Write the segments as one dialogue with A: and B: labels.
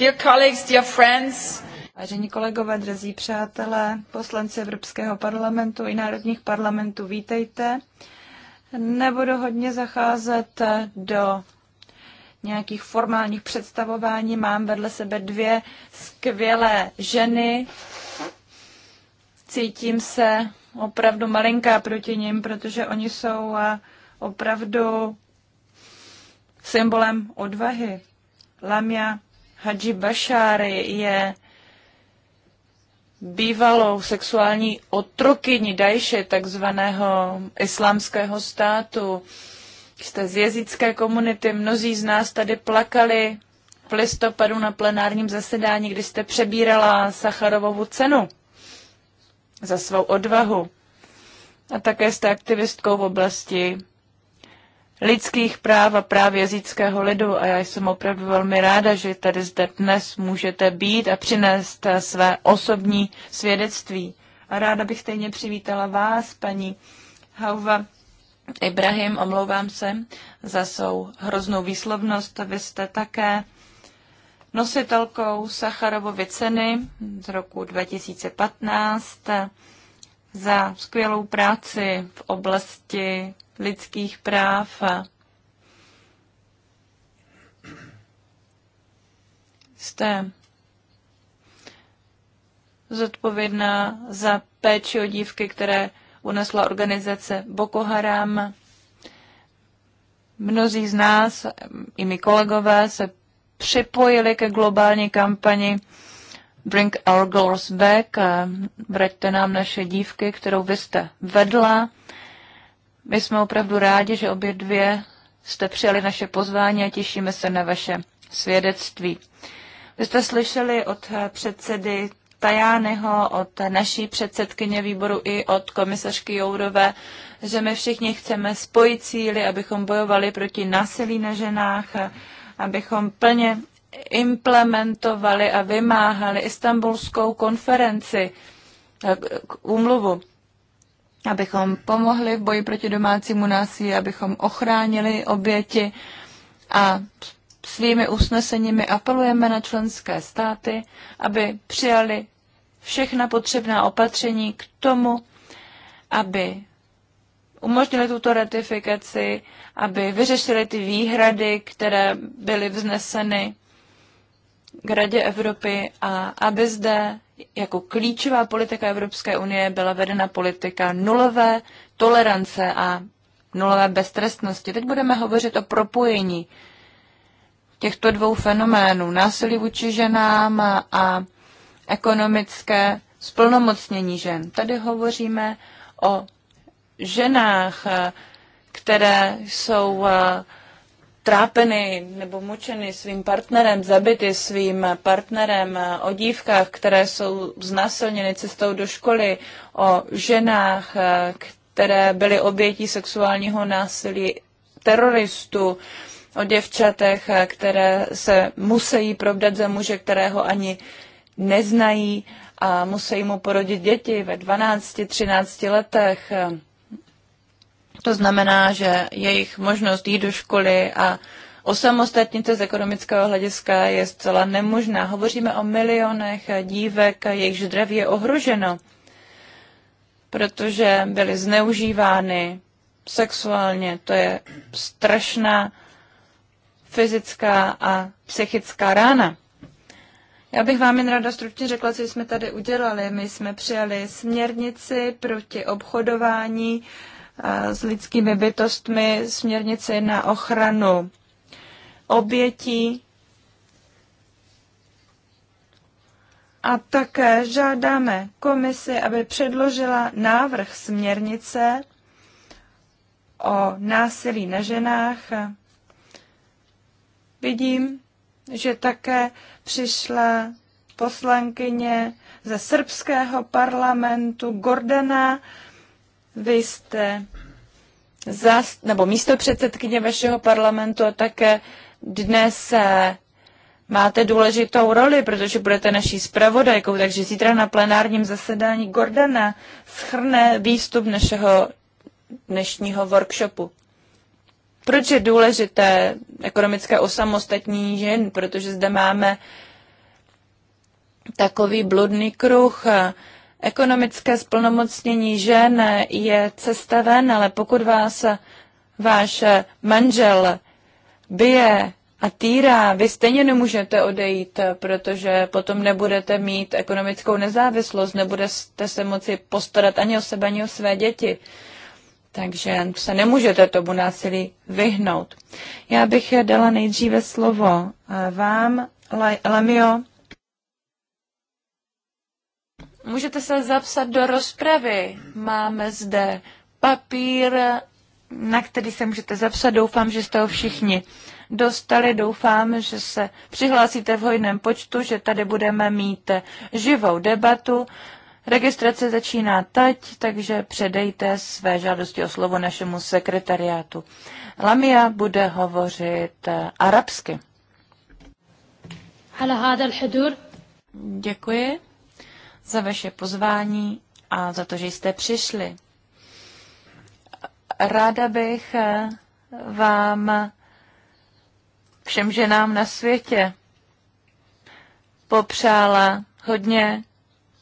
A: Dear colleagues, dear friends. Vážení kolegové, drazí přátelé, poslanci Evropského parlamentu i národních parlamentů, vítejte. Nebudu hodně zacházet do nějakých formálních představování. Mám vedle sebe dvě skvělé ženy. Cítím se opravdu malinká proti nim, protože oni jsou eh, opravdu symbolem odvahy. Lamia Hadži Bašáry je bývalou sexuální otrokyni Dajše, takzvaného islámského státu. Jste z jezické komunity, mnozí z nás tady plakali v listopadu na plenárním zasedání, kdy jste přebírala Sacharovovu cenu za svou odvahu. A také jste aktivistkou v oblasti lidských práv a práv jazyckého lidu a já jsem opravdu velmi ráda, že tady zde dnes můžete být a přinést své osobní svědectví. A ráda bych stejně přivítala vás, paní Hauva Ibrahim, omlouvám se za svou hroznou výslovnost. Vy jste také nositelkou Sacharovovy ceny z roku 2015 za skvělou práci v oblasti lidských práv. Jste zodpovědná za péči o dívky, které unesla organizace Boko Haram. Mnozí z nás, i my kolegové, se připojili ke globální kampani Bring Our Girls Back, vraťte nám naše dívky, kterou vy jste vedla. My jsme opravdu rádi, že obě dvě jste přijali naše pozvání a těšíme se na vaše svědectví. Vy jste slyšeli od předsedy Tajáneho, od naší předsedkyně výboru i od komisařky Jourové, že my všichni chceme spojit síly, abychom bojovali proti násilí na ženách, abychom plně implementovali a vymáhali istambulskou konferenci, eh, úmluvu abychom pomohli v boji proti domácímu násilí, abychom ochránili oběti a svými usneseními apelujeme na členské státy, aby přijali všechna potřebná opatření k tomu, aby umožnili tuto ratifikaci, aby vyřešili ty výhrady, které byly vzneseny k Radě Evropy a aby zde jako klíčová politika Evropské unie byla vedena politika nulové tolerance a nulové beztrestnosti. Teď budeme hovořit o propojení těchto dvou fenoménů, násilí vůči ženám a ekonomické splnomocnění žen. Tady hovoříme o ženách, které jsou trápeny nebo mučeny svým partnerem, zabity svým partnerem, o dívkách, které jsou znásilněny cestou do školy, o ženách, které byly obětí sexuálního násilí teroristů, o děvčatech, které se musí probdat za muže, kterého ani neznají a musí mu porodit děti ve 12-13 letech. To znamená, že jejich možnost jít do školy a osamostatnit se z ekonomického hlediska je zcela nemožná. Hovoříme o milionech dívek, jejichž zdraví je ohroženo, protože byly zneužívány sexuálně. To je strašná fyzická a psychická rána. Já bych vám jen ráda stručně řekla, co jsme tady udělali. My jsme přijali směrnici proti obchodování s lidskými bytostmi, směrnici na ochranu obětí a také žádáme komisi, aby předložila návrh směrnice o násilí na ženách. Vidím, že také přišla poslankyně ze srbského parlamentu Gordana vy jste zas, nebo místo předsedkyně vašeho parlamentu a také dnes eh, máte důležitou roli, protože budete naší zpravodajkou, takže zítra na plenárním zasedání Gordana schrne výstup našeho dnešního workshopu. Proč je důležité ekonomické osamostatní žen? Protože zde máme takový bludný kruh eh, Ekonomické splnomocnění žen je cesta ven, ale pokud vás váš manžel bije a týrá, vy stejně nemůžete odejít, protože potom nebudete mít ekonomickou nezávislost, nebudete se moci postarat ani o sebe, ani o své děti. Takže se nemůžete tomu násilí vyhnout. Já bych dala nejdříve slovo eh, vám, Lemio, Můžete se zapsat do rozpravy. Máme zde papír, na který se můžete zapsat. Doufám, že jste ho všichni dostali. Doufám, že se přihlásíte v hojném počtu, že tady budeme mít živou debatu. Registrace začíná teď, takže předejte své žádosti o slovo našemu sekretariátu. Lamia bude hovořit eh, arabsky. Děkuji za vaše pozvání a za to, že jste přišli. Ráda bych eh, vám všem ženám na světě popřála hodně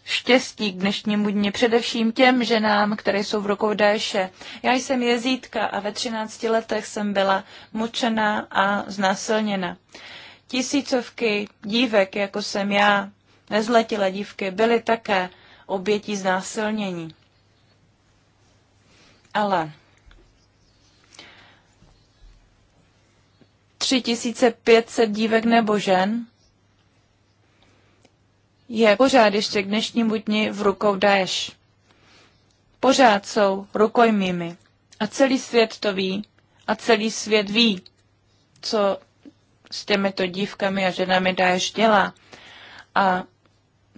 A: štěstí k dnešnímu dni, především těm ženám, které jsou v rukou déše. Já jsem jezítka a ve 13 letech jsem byla mučena a znásilněna. Tisícovky dívek, jako jsem já, nezletilé dívky byly také obětí znásilnění. Ale 3500 dívek nebo žen je pořád ještě k dnešnímu dni v rukou Daesh. Pořád jsou rukojmými. A celý svět to ví. A celý svět ví, co s těmito dívkami a ženami Daesh dělá. A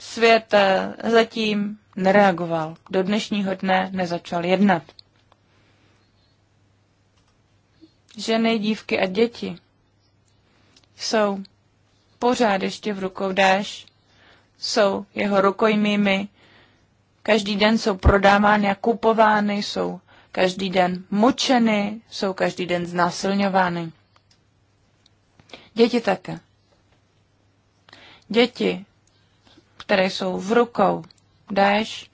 A: svět eh, zatím nereagoval. Do dnešního dne nezačal jednat. Ženy, dívky a děti jsou pořád ještě v rukou dáš, jsou jeho rukojmými, každý den jsou prodávány a kupovány, jsou každý den mučeny, jsou každý den znásilňovány. Děti také. Děti které jsou v rukou dáš,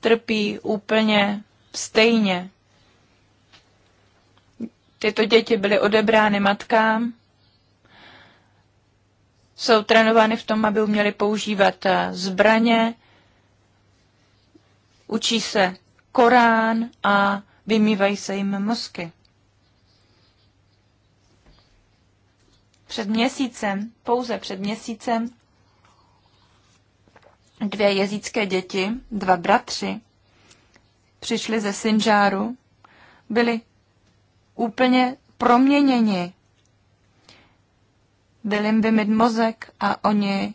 A: trpí úplně stejně. Tyto děti byly odebrány matkám, jsou trénovány v tom, aby uměly používat eh, zbraně, učí se Korán a vymývají se jim mozky. Před měsícem, pouze před měsícem, Dvě jezícké děti, dva bratři, přišli ze Sinžáru, byli úplně proměněni. Byl jim vymyt mozek a oni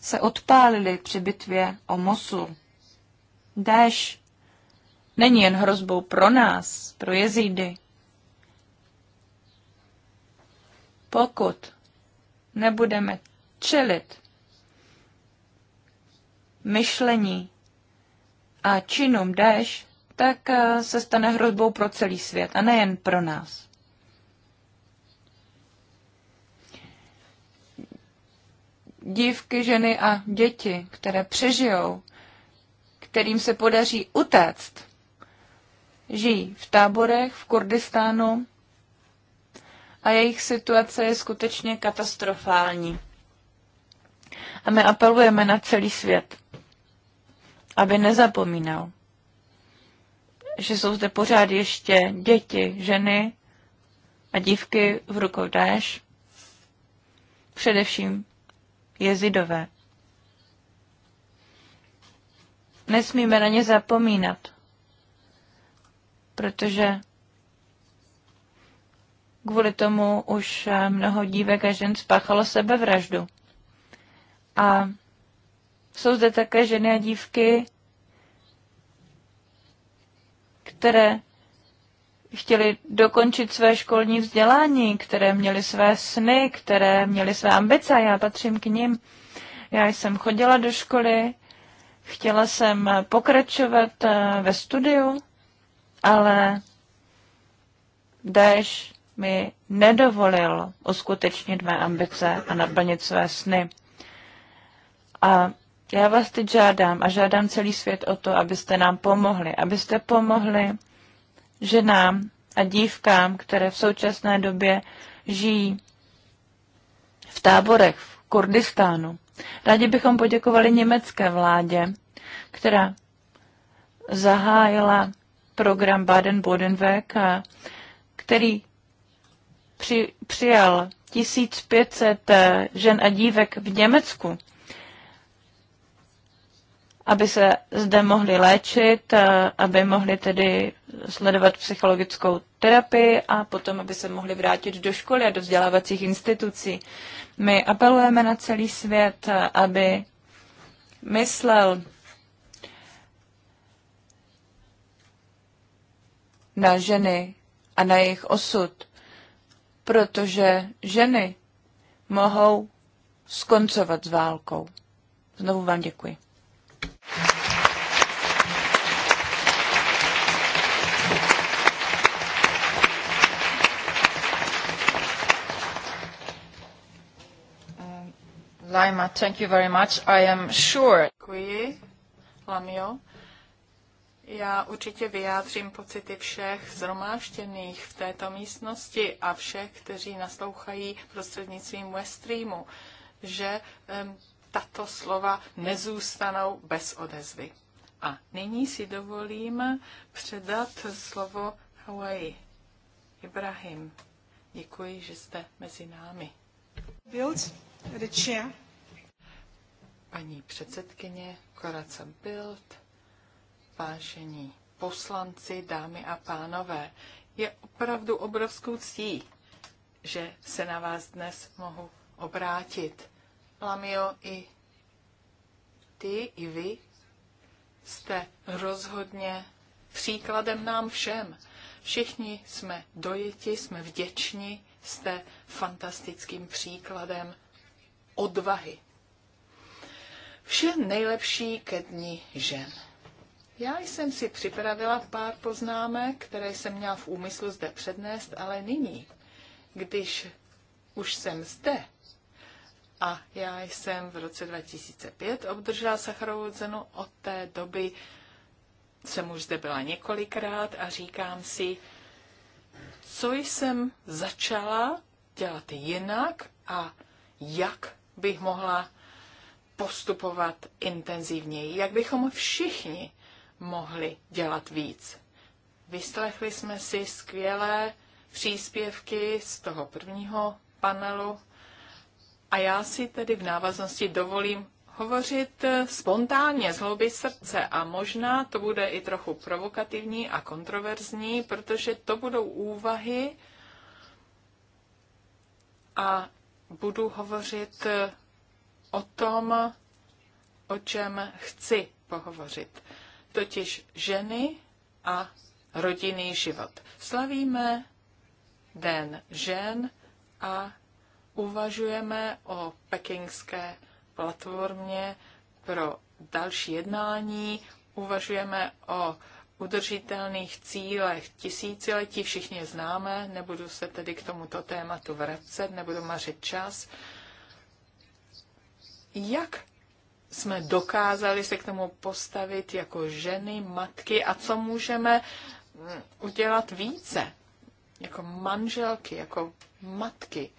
A: se odpálili při bitvě o Mosul. Déš není jen hrozbou pro nás, pro jezídy. Pokud nebudeme čelit myšlení a činům Daesh, tak eh, se stane hrozbou pro celý svět a nejen pro nás. Dívky, ženy a děti, které přežijou, kterým se podaří utéct, žijí v táborech v Kurdistánu a jejich situace je skutečně katastrofální. A my apelujeme na celý svět aby nezapomínal, že jsou zde pořád ještě děti, ženy a dívky v rukou dáš. především jezidové. Nesmíme na ně zapomínat, protože kvůli tomu už mnoho dívek a žen spáchalo sebevraždu. A jsou zde také ženy a dívky, které chtěli dokončit své školní vzdělání, které měly své sny, které měly své ambice a já patřím k ním. Já jsem chodila do školy, chtěla jsem pokračovat eh, ve studiu, ale Daesh mi nedovolil uskutečnit mé ambice a naplnit své sny. A já vás teď žádám a žádám celý svět o to, abyste nám pomohli, abyste pomohli ženám a dívkám, které v současné době žijí v táborech v Kurdistánu. Rádi bychom poděkovali německé vládě, která zahájila program Baden-Bodenweg, který při, přijal 1500 eh, žen a dívek v Německu aby se zde mohli léčit, eh, aby mohli tedy sledovat psychologickou terapii a potom, aby se mohli vrátit do školy a do vzdělávacích institucí. My apelujeme na celý svět, eh, aby myslel na ženy a na jejich osud, protože ženy mohou skoncovat s válkou. Znovu vám děkuji.
B: Laima, thank you very much. I am sure. Děkuji, Lamio. Já určitě vyjádřím pocity všech zromáštěných v této místnosti a všech, kteří naslouchají prostřednictvím Westreamu, že um, tato slova nezůstanou bez odezvy. A nyní si dovolím předat slovo Hawaii. Ibrahim, děkuji, že jste mezi námi. Build the chair paní předsedkyně Korace Bild, vážení poslanci, dámy a pánové. Je opravdu obrovskou ctí, že se na vás dnes mohu obrátit. Lamio, i ty, i vy jste rozhodně příkladem nám všem. Všichni jsme dojeti, jsme vděční, jste fantastickým příkladem odvahy, Vše nejlepší ke dní žen. Já jsem si připravila pár poznámek, které jsem měla v úmyslu zde přednést, ale nyní, když už jsem zde a já jsem v roce 2005 obdržela Sacharovou cenu, od té doby jsem už zde byla několikrát a říkám si, co jsem začala dělat jinak a jak bych mohla postupovat intenzivněji, jak bychom všichni mohli dělat víc. Vyslechli jsme si skvělé příspěvky z toho prvního panelu a já si tedy v návaznosti dovolím hovořit spontánně z hlouby srdce a možná to bude i trochu provokativní a kontroverzní, protože to budou úvahy a budu hovořit o tom, o čem chci pohovořit. Totiž ženy a rodinný život. Slavíme Den žen a uvažujeme o pekingské platformě pro další jednání, uvažujeme o udržitelných cílech tisíciletí, všichni je známe, nebudu se tedy k tomuto tématu vracet, nebudu mařit čas. Jak jsme dokázali se k tomu postavit jako ženy, matky a co můžeme mm, udělat více jako manželky, jako matky,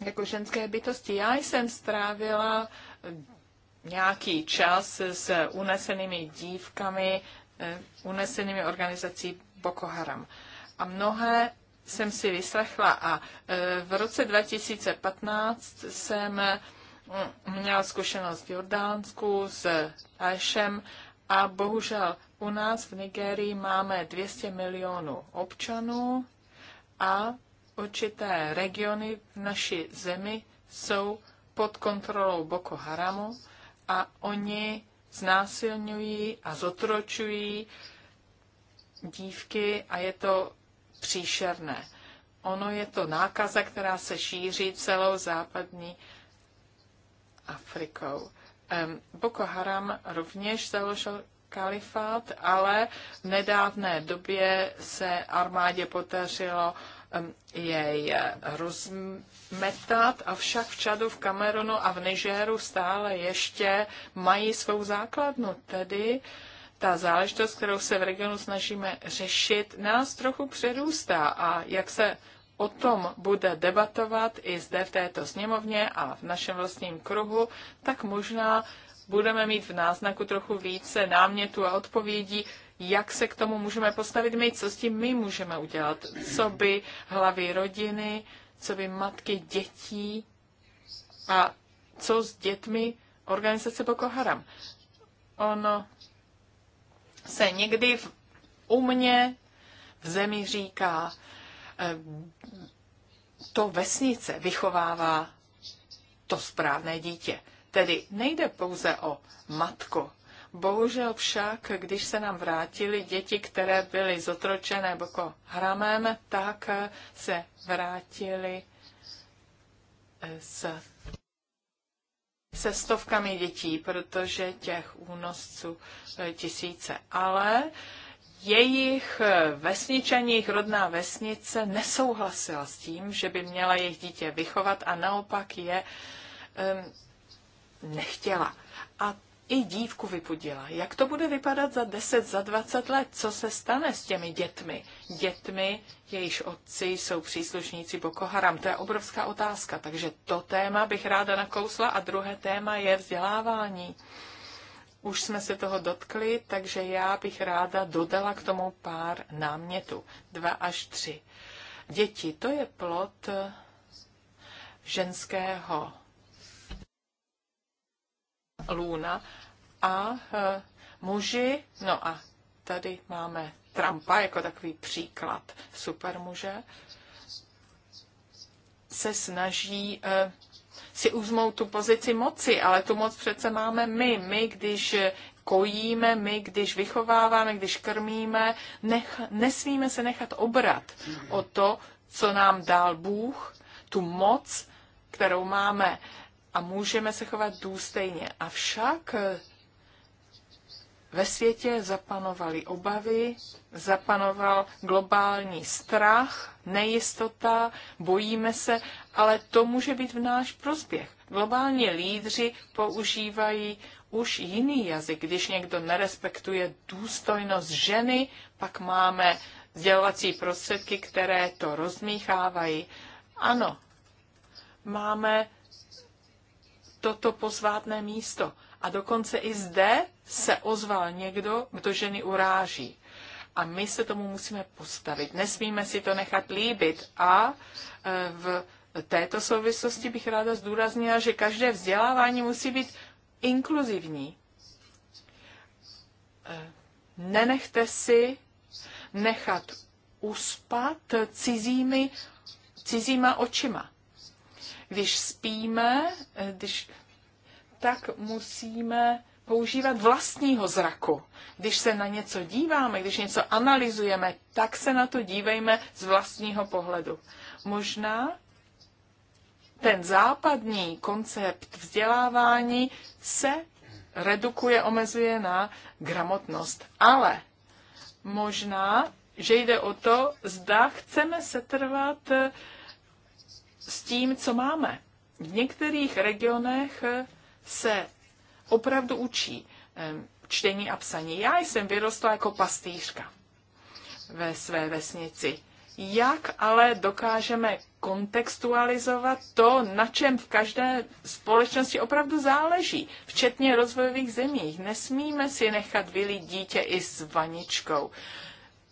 B: jako ženské bytosti. Já jsem strávila eh, nějaký čas s unesenými dívkami, eh, unesenými organizací Boko Haram. A mnohé jsem si vyslechla a eh, v roce 2015 jsem měl zkušenost v Jordánsku s Daešem a bohužel u nás v Nigerii máme 200 milionů občanů a určité regiony v naší zemi jsou pod kontrolou Boko Haramu a oni znásilňují a zotročují dívky a je to příšerné. Ono je to nákaza, která se šíří celou západní Afrikou. Boko Haram rovněž založil kalifát, ale v nedávné době se armádě podařilo jej eh, rozmetat, avšak v Čadu, v Kamerunu a v Nigeru stále ještě mají svou základnu, tedy ta záležitost, kterou se v regionu snažíme řešit, nás trochu přerůstá a jak se o tom bude debatovat i zde v této sněmovně a v našem vlastním kruhu, tak možná budeme mít v náznaku trochu více námětů a odpovědí, jak se k tomu můžeme postavit my, co s tím my můžeme udělat, co by hlavy rodiny, co by matky dětí a co s dětmi organizace Boko Haram. Ono se někdy v, u mě v zemi říká, Eh, to vesnice vychovává to správné dítě. Tedy nejde pouze o matku. Bohužel však, když se nám vrátili děti, které byly zotročené boko hramem, tak eh, se vrátili eh, s, se stovkami dětí, protože těch únosců tisíce. Ale jejich eh, vesničaních rodná vesnice nesouhlasila s tím, že by měla jejich dítě vychovat a naopak je um, nechtěla. A i dívku vypudila. Jak to bude vypadat za 10, za 20 let? Co se stane s těmi dětmi? Dětmi, jejichž otci jsou příslušníci Boko Haram. To je obrovská otázka. Takže to téma bych ráda nakousla a druhé téma je vzdělávání. Už jsme se toho dotkli, takže já bych ráda dodala k tomu pár námětů. Dva až tři. Děti, to je plot ženského lůna a e, muži, no a tady máme Trumpa jako takový příklad supermuže, se snaží e, si uzmou tu pozici moci, ale tu moc přece máme my. My, když kojíme, my, když vychováváme, když krmíme, nech, nesmíme se nechat obrat o to, co nám dal Bůh, tu moc, kterou máme a můžeme se chovat důstejně. Avšak ve světě zapanovaly obavy, zapanoval globální strach, nejistota, bojíme se, ale to může být v náš prospěch. Globální lídři používají už jiný jazyk. Když někdo nerespektuje důstojnost ženy, pak máme vzdělovací prostředky, které to rozmíchávají. Ano, máme toto pozvátné místo a dokonce i zde se ozval někdo, kdo ženy uráží. A my se tomu musíme postavit. Nesmíme si to nechat líbit. A e, v této souvislosti bych ráda zdůraznila, že každé vzdělávání musí být inkluzivní. E, nenechte si nechat uspat cizími, cizíma očima. Když spíme, e, když tak musíme používat vlastního zraku. Když se na něco díváme, když něco analyzujeme, tak se na to dívejme z vlastního pohledu. Možná ten západní koncept vzdělávání se redukuje, omezuje na gramotnost. Ale možná, že jde o to, zda chceme setrvat eh, s tím, co máme. V některých regionech eh, se opravdu učí čtení a psaní. Já jsem vyrostla jako pastýřka ve své vesnici. Jak ale dokážeme kontextualizovat to, na čem v každé společnosti opravdu záleží, včetně rozvojových zemích. Nesmíme si nechat vylít dítě i s vaničkou.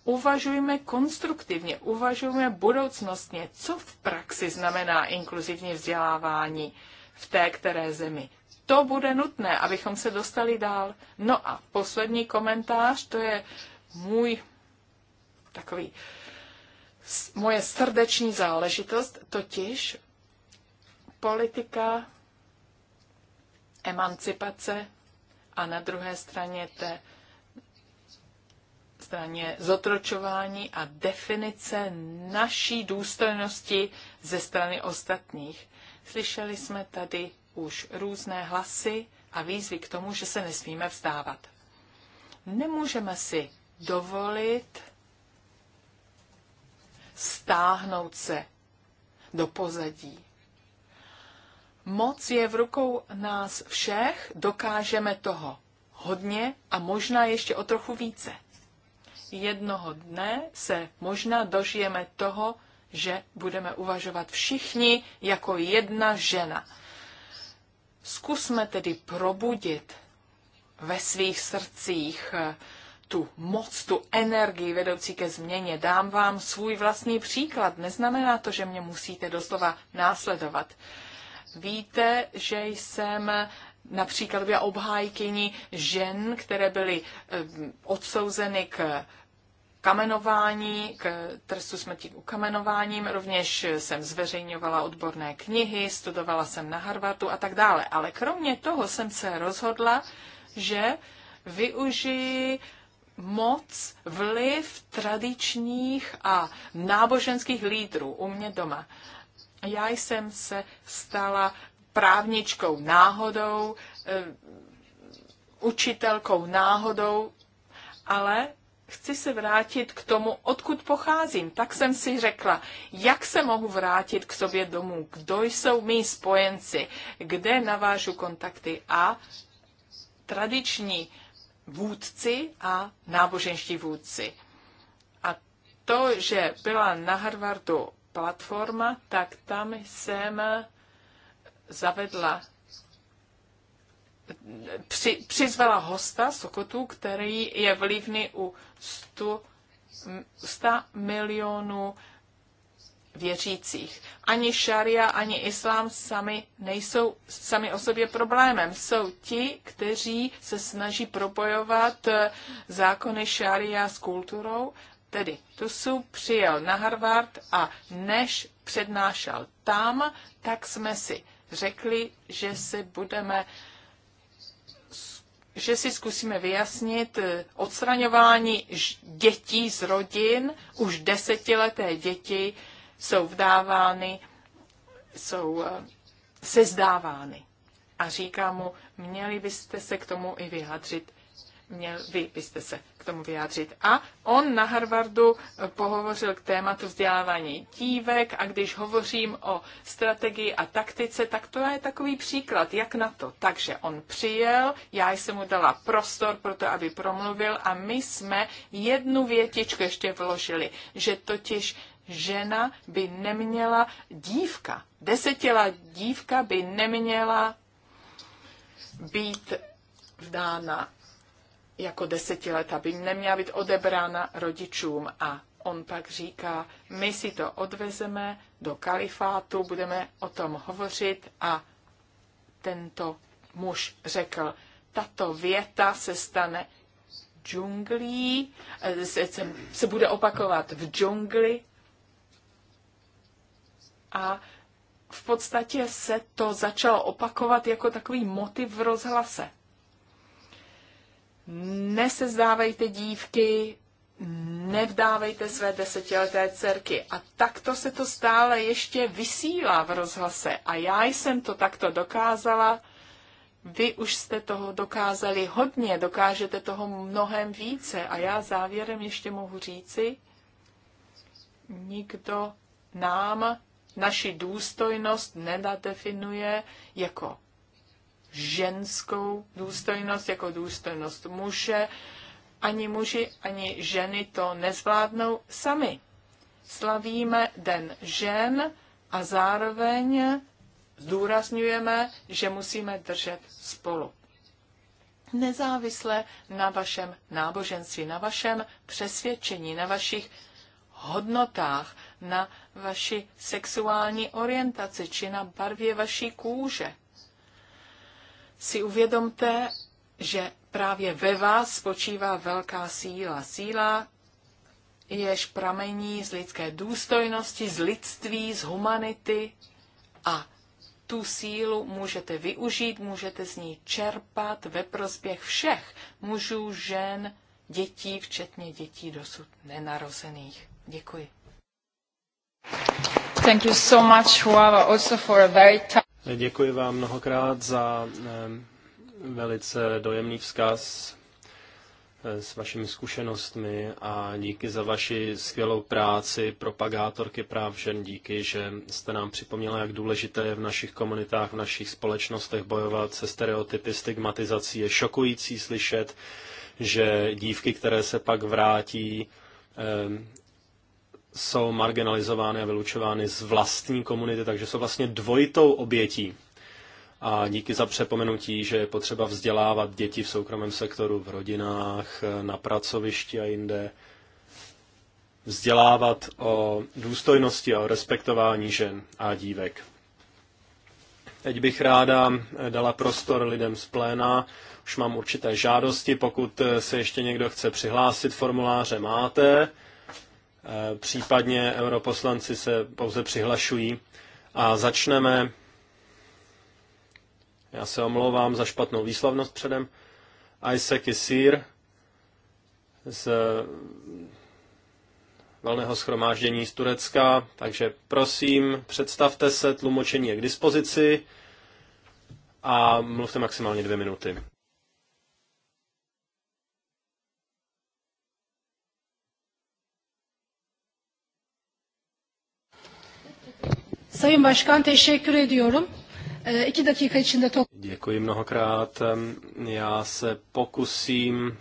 B: Uvažujme konstruktivně, uvažujme budoucnostně, co v praxi znamená inkluzivní vzdělávání v té které zemi to bude nutné, abychom se dostali dál. No a poslední komentář, to je můj takový moje srdeční záležitost, totiž politika emancipace a na druhé straně té straně zotročování a definice naší důstojnosti ze strany ostatních. Slyšeli jsme tady už různé hlasy a výzvy k tomu, že se nesmíme vzdávat. Nemůžeme si dovolit stáhnout se do pozadí. Moc je v rukou nás všech, dokážeme toho hodně a možná ještě o trochu více. Jednoho dne se možná dožijeme toho, že budeme uvažovat všichni jako jedna žena. Zkusme tedy probudit ve svých srdcích eh, tu moc, tu energii vedoucí ke změně. Dám vám svůj vlastní příklad. Neznamená to, že mě musíte doslova následovat. Víte, že jsem eh, například byla obhájkyní žen, které byly eh, odsouzeny k kamenování, k trestu smrti ukamenováním. Rovněž jsem zveřejňovala odborné knihy, studovala jsem na Harvardu a tak dále. Ale kromě toho jsem se rozhodla, že využiji moc, vliv tradičních a náboženských lídrů u mě doma. Já jsem se stala právničkou náhodou, eh, učitelkou náhodou, ale chci se vrátit k tomu, odkud pocházím. Tak jsem si řekla, jak se mohu vrátit k sobě domů, kdo jsou mý spojenci, kde navážu kontakty a tradiční vůdci a náboženští vůdci. A to, že byla na Harvardu platforma, tak tam jsem zavedla při, přizvala hosta Sokotu, který je vlivný u 100, 100 milionů věřících. Ani šaria, ani islám sami nejsou sami o sobě problémem. Jsou ti, kteří se snaží propojovat eh, zákony šaria s kulturou. Tedy Tusu přijel na Harvard a než přednášel tam, tak jsme si řekli, že si budeme uh, že si zkusíme vyjasnit eh, odstraňování dětí z rodin, už desetileté děti jsou vdávány, jsou eh, sezdávány. A říká mu, měli byste se k tomu i vyhadřit měl vy, byste se k tomu vyjádřit. A on na Harvardu eh, pohovořil k tématu vzdělávání dívek a když hovořím o strategii a taktice, tak to je takový příklad, jak na to. Takže on přijel, já jsem mu dala prostor pro to, aby promluvil a my jsme jednu větičku ještě vložili, že totiž žena by neměla dívka, desetila dívka by neměla být vdána jako desetiletá by neměla být odebrána rodičům a On pak říká, my si to odvezeme do kalifátu, budeme o tom hovořit a tento muž řekl, tato věta se stane džunglí, eh, se, se, se bude opakovat v džungli a v podstatě se to začalo opakovat jako takový motiv v rozhlase nesezdávejte dívky, nevdávejte své desetileté dcerky. A takto se to stále ještě vysílá v rozhlase. A já jsem to takto dokázala. Vy už jste toho dokázali hodně, dokážete toho mnohem více. A já závěrem ještě mohu říci, nikdo nám naši důstojnost nedadefinuje jako ženskou důstojnost jako důstojnost muže. Ani muži, ani ženy to nezvládnou sami. Slavíme Den žen a zároveň zdůrazňujeme, že musíme držet spolu. Nezávisle na vašem náboženství, na vašem přesvědčení, na vašich hodnotách, na vaši sexuální orientaci či na barvě vaší kůže si uvědomte, že právě ve vás spočívá velká síla. Síla, jež pramení z lidské důstojnosti, z lidství, z humanity a tu sílu můžete využít, můžete z ní čerpat ve prospěch všech mužů, žen, dětí, včetně dětí dosud nenarozených. Děkuji.
C: Thank you so much, Huava, also for a very Děkuji vám mnohokrát za eh, velice dojemný vzkaz eh, s vašimi zkušenostmi a díky za vaši skvělou práci propagátorky práv žen. Díky, že jste nám připomněla, jak důležité je v našich komunitách, v našich společnostech bojovat se stereotypy, stigmatizací. Je šokující slyšet, že dívky, které se pak vrátí eh, jsou marginalizovány a vylučovány z vlastní komunity, takže jsou vlastně dvojitou obětí. A díky za přepomenutí, že je potřeba vzdělávat děti v soukromém sektoru, v rodinách, na pracovišti a jinde, vzdělávat o důstojnosti a o respektování žen a dívek. Teď bych ráda dala prostor lidem z pléna. Už mám určité žádosti, pokud se ještě někdo chce přihlásit, formuláře máte. Eh, případně europoslanci se pouze přihlašují a začneme. Já se omlouvám za špatnou výslovnost předem. Isaac Isir z valného schromáždění z Turecka, takže prosím, představte se, tlumočení je k dispozici a mluvte maximálně dvě minuty.
A: Sayın Başkan teşekkür ediyorum. İki dakika içinde
C: top... Děkuji mnohokrát. Já se pokusím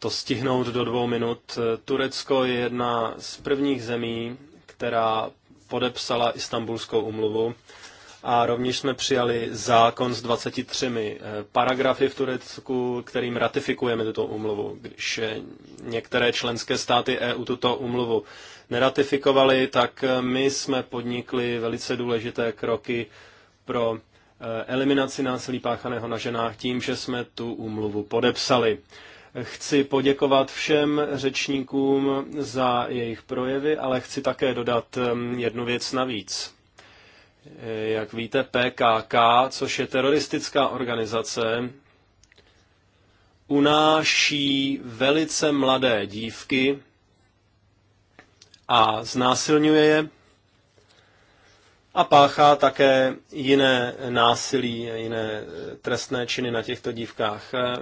C: to stihnout do dvou minut. Turecko je jedna z prvních zemí, která podepsala Istanbulskou umluvu a rovněž jsme přijali zákon s 23 eh, paragrafy v Turecku, kterým ratifikujeme tuto umluvu, když eh, některé členské státy EU tuto umluvu neratifikovali, tak eh, my jsme podnikli velice důležité kroky pro eh, eliminaci násilí páchaného na ženách tím, že jsme tu úmluvu podepsali. Chci poděkovat všem řečníkům za jejich projevy, ale chci také dodat eh, jednu věc navíc. Jak víte, PKK, což je teroristická organizace, unáší velice mladé dívky, a znásilňuje je a páchá také jiné násilí, jiné e, trestné činy na těchto dívkách. E,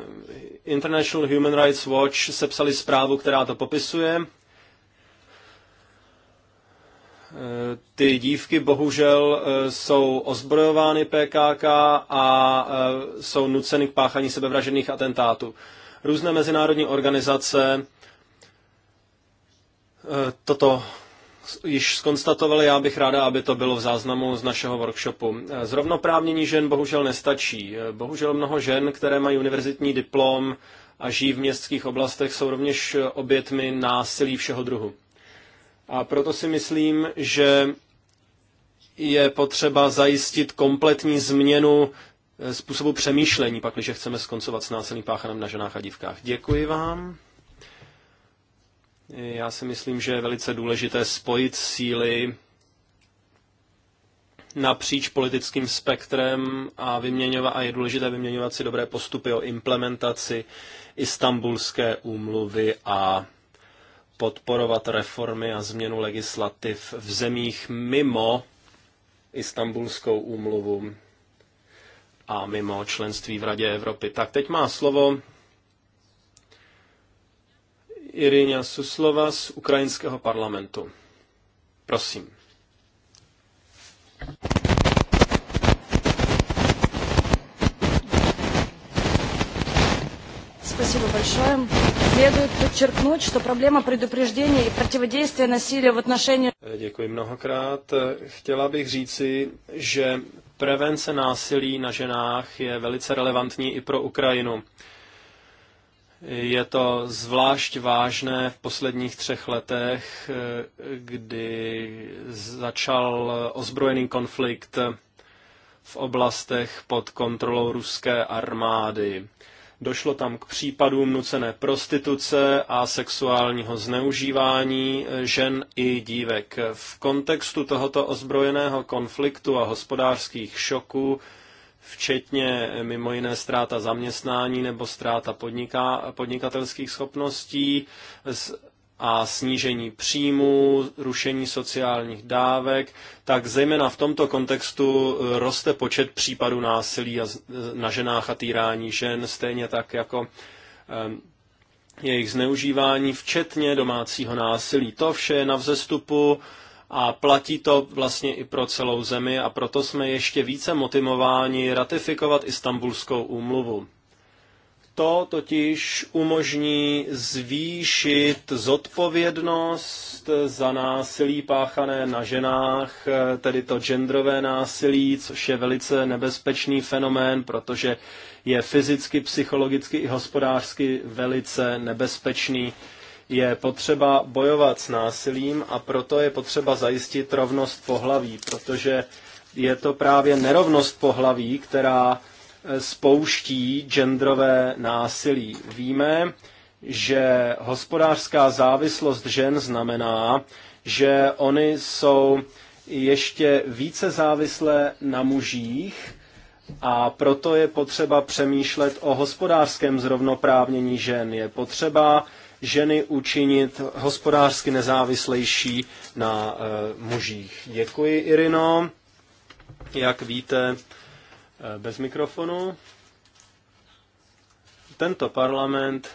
C: International Human Rights Watch sepsali zprávu, která to popisuje. E, ty dívky bohužel jsou ozbrojovány PKK a jsou nuceny k páchání sebevražených atentátů. Různé mezinárodní organizace Eh, toto již skonstatovali, já bych ráda, aby to bylo v záznamu z našeho workshopu. Eh, zrovnoprávnění žen bohužel nestačí. Eh, bohužel mnoho žen, které mají univerzitní diplom a žijí v městských oblastech, jsou rovněž obětmi násilí všeho druhu. A proto si myslím, že je potřeba zajistit kompletní změnu způsobu přemýšlení, pakliže chceme skoncovat s násilným páchanem na ženách a dívkách. Děkuji vám. Já si myslím, že je velice důležité spojit síly napříč politickým spektrem a, vyměňovat, a je důležité vyměňovat si dobré postupy o implementaci istambulské úmluvy a podporovat reformy a změnu legislativ v zemích mimo istambulskou úmluvu a mimo členství v Radě Evropy. Tak teď má slovo Irina Suslova z ukrajinského parlamentu. Prosím. Спасибо
A: большое. Следует подчеркнуть, что проблема предупреждения и противодействия насилию в отношении...
C: Э, Děkuji mnohokrát. Э, Chtěla bych říci, že prevence násilí na ženách je velice relevantní i pro Ukrajinu. Je to zvlášť vážné v posledních třech letech, kdy začal ozbrojený konflikt v oblastech pod kontrolou ruské armády. Došlo tam k případům nucené prostituce a sexuálního zneužívání žen i dívek. V kontextu tohoto ozbrojeného konfliktu a hospodářských šoků včetně eh, mimo jiné ztráta zaměstnání nebo ztráta podniká, podnikatelských schopností a snížení příjmů, rušení sociálních dávek, tak zejména v tomto kontextu eh, roste počet případů násilí eh, na ženách a týrání žen, stejně tak jako ehm, jejich zneužívání, včetně domácího násilí. To vše je na vzestupu a platí to vlastně i pro celou zemi a proto jsme ještě více motivováni ratifikovat Istanbulskou úmluvu. To totiž umožní zvýšit zodpovědnost za násilí páchané na ženách, tedy to genderové násilí, což je velice nebezpečný fenomén, protože je fyzicky, psychologicky i hospodářsky velice nebezpečný je potřeba bojovat s násilím a proto je potřeba zajistit rovnost pohlaví, protože je to právě nerovnost pohlaví, která eh, spouští genderové násilí. Víme, že hospodářská závislost žen znamená, že oni jsou ještě více závislé na mužích a proto je potřeba přemýšlet o hospodářském zrovnoprávnění žen. Je potřeba ženy učinit hospodářsky nezávislejší na eh, mužích. Děkuji, Irino. Jak víte, eh, bez mikrofonu. Tento parlament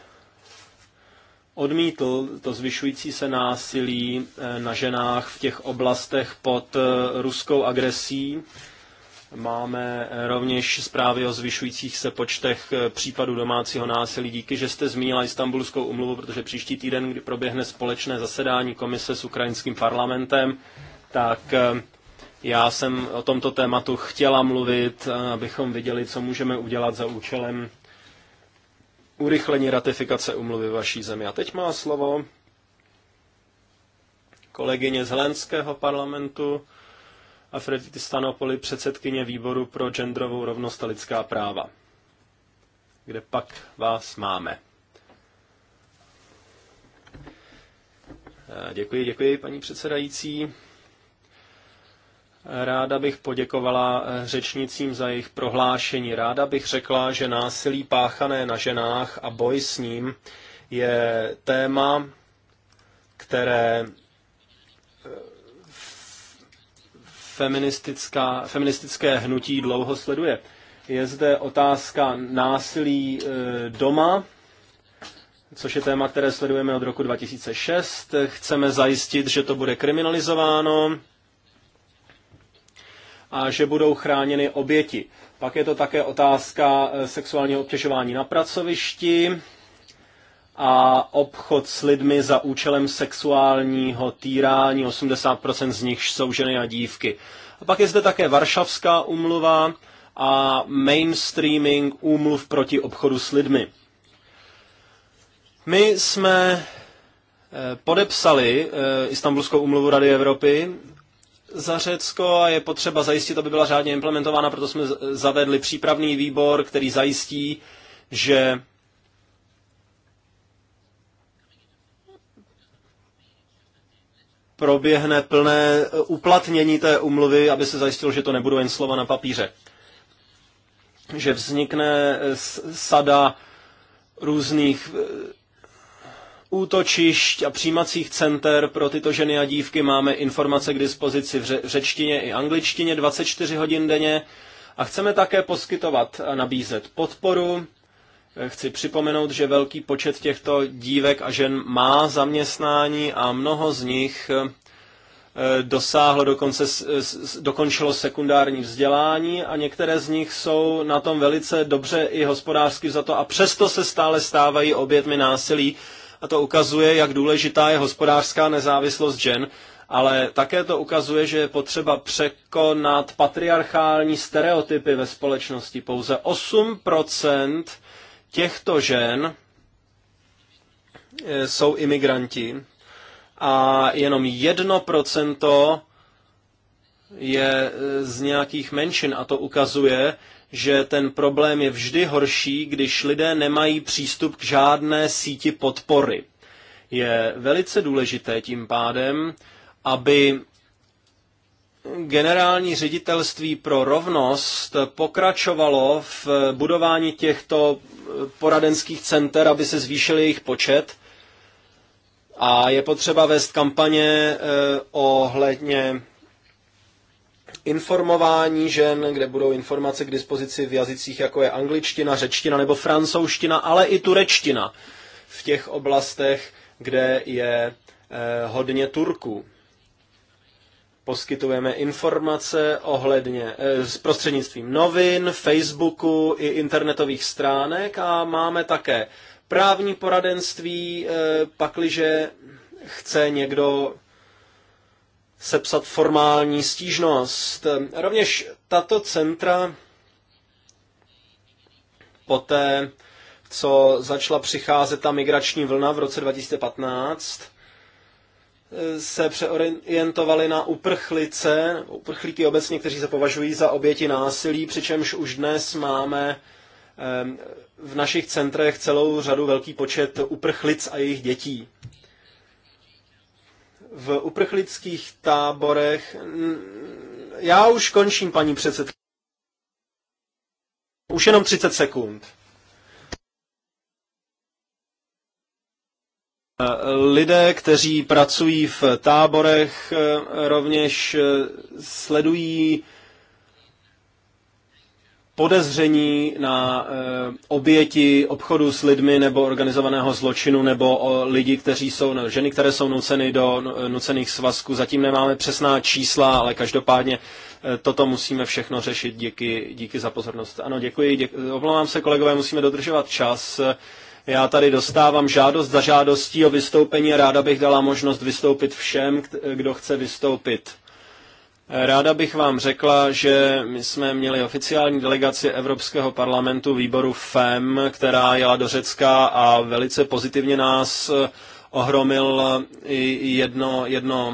C: odmítl to zvyšující se násilí eh, na ženách v těch oblastech pod ruskou agresí Máme eh, rovněž zprávy o zvyšujících se počtech eh, případů domácího násilí. Díky, že jste zmínila Istanbulskou umluvu, protože příští týden, kdy proběhne společné zasedání komise s ukrajinským parlamentem, tak eh, já jsem o tomto tématu chtěla mluvit, abychom viděli, co můžeme udělat za účelem urychlení ratifikace umluvy vaší zemi. A teď má slovo kolegyně z Helenského parlamentu, a Stanopoli, předsedkyně výboru pro genderovou rovnost a lidská práva. Kde pak vás máme? Eh, děkuji, děkuji, paní předsedající. Ráda bych poděkovala eh, řečnicím za jejich prohlášení. Ráda bych řekla, že násilí páchané na ženách a boj s ním je téma, které feministická, feministické hnutí dlouho sleduje. Je zde otázka násilí e, doma, což je téma, které sledujeme od roku 2006. Chceme zajistit, že to bude kriminalizováno a že budou chráněny oběti. Pak je to také otázka e, sexuálního obtěžování na pracovišti a obchod s lidmi za účelem sexuálního týrání, 80% z nich jsou ženy a dívky. A pak je zde také Varšavská umluva a mainstreaming úmluv proti obchodu s lidmi. My jsme eh, podepsali eh, Istanbulskou umluvu Rady Evropy za Řecko a je potřeba zajistit, aby byla řádně implementována, proto jsme zavedli přípravný výbor, který zajistí, že proběhne plné uplatnění té umluvy, aby se zajistilo, že to nebudou jen slova na papíře. Že vznikne eh, sada různých eh, útočišť a přijímacích center pro tyto ženy a dívky. Máme informace k dispozici v řečtině i angličtině 24 hodin denně a chceme také poskytovat a nabízet podporu Chci připomenout, že velký počet těchto dívek a žen má zaměstnání a mnoho z nich eh, dosáhlo dokonce, dokončilo sekundární vzdělání a některé z nich jsou na tom velice dobře i hospodářsky za to a přesto se stále stávají obětmi násilí a to ukazuje, jak důležitá je hospodářská nezávislost žen, ale také to ukazuje, že je potřeba překonat patriarchální stereotypy ve společnosti. Pouze 8% těchto žen eh, jsou imigranti a jenom 1% je eh, z nějakých menšin a to ukazuje, že ten problém je vždy horší, když lidé nemají přístup k žádné síti podpory. Je velice důležité tím pádem, aby generální ředitelství pro rovnost pokračovalo v budování těchto poradenských center, aby se zvýšil jejich počet. A je potřeba vést kampaně eh, ohledně informování žen, kde budou informace k dispozici v jazycích, jako je angličtina, řečtina nebo francouzština, ale i turečtina v těch oblastech, kde je eh, hodně Turků. Poskytujeme informace ohledně eh, s prostřednictvím novin, Facebooku i internetových stránek a máme také právní poradenství, eh, pakliže chce někdo sepsat formální stížnost. Eh, rovněž tato centra poté, co začala přicházet ta migrační vlna v roce 2015, se přeorientovali na uprchlice, uprchlíky obecně, kteří se považují za oběti násilí, přičemž už dnes máme v našich centrech celou řadu velký počet uprchlic a jejich dětí. V uprchlických táborech... Já už končím, paní předsedkyně. Už jenom 30 sekund. Eh, lidé, kteří pracují v táborech, eh, rovněž eh, sledují podezření na oběti obchodu s lidmi nebo organizovaného zločinu nebo o lidi, kteří jsou, no, ženy, které jsou nuceny do no, nucených svazků. Zatím nemáme přesná čísla, ale každopádně toto musíme všechno řešit. Díky, díky za pozornost. Ano, děkuji. Děk- Omlouvám se, kolegové, musíme dodržovat čas. Já tady dostávám žádost za žádostí o vystoupení. Ráda bych dala možnost vystoupit všem, kdo chce vystoupit. Ráda bych vám řekla, že my jsme měli oficiální delegaci Evropského parlamentu výboru FEM, která jela do Řecka a velice pozitivně nás eh, ohromil eh, jedno, jedno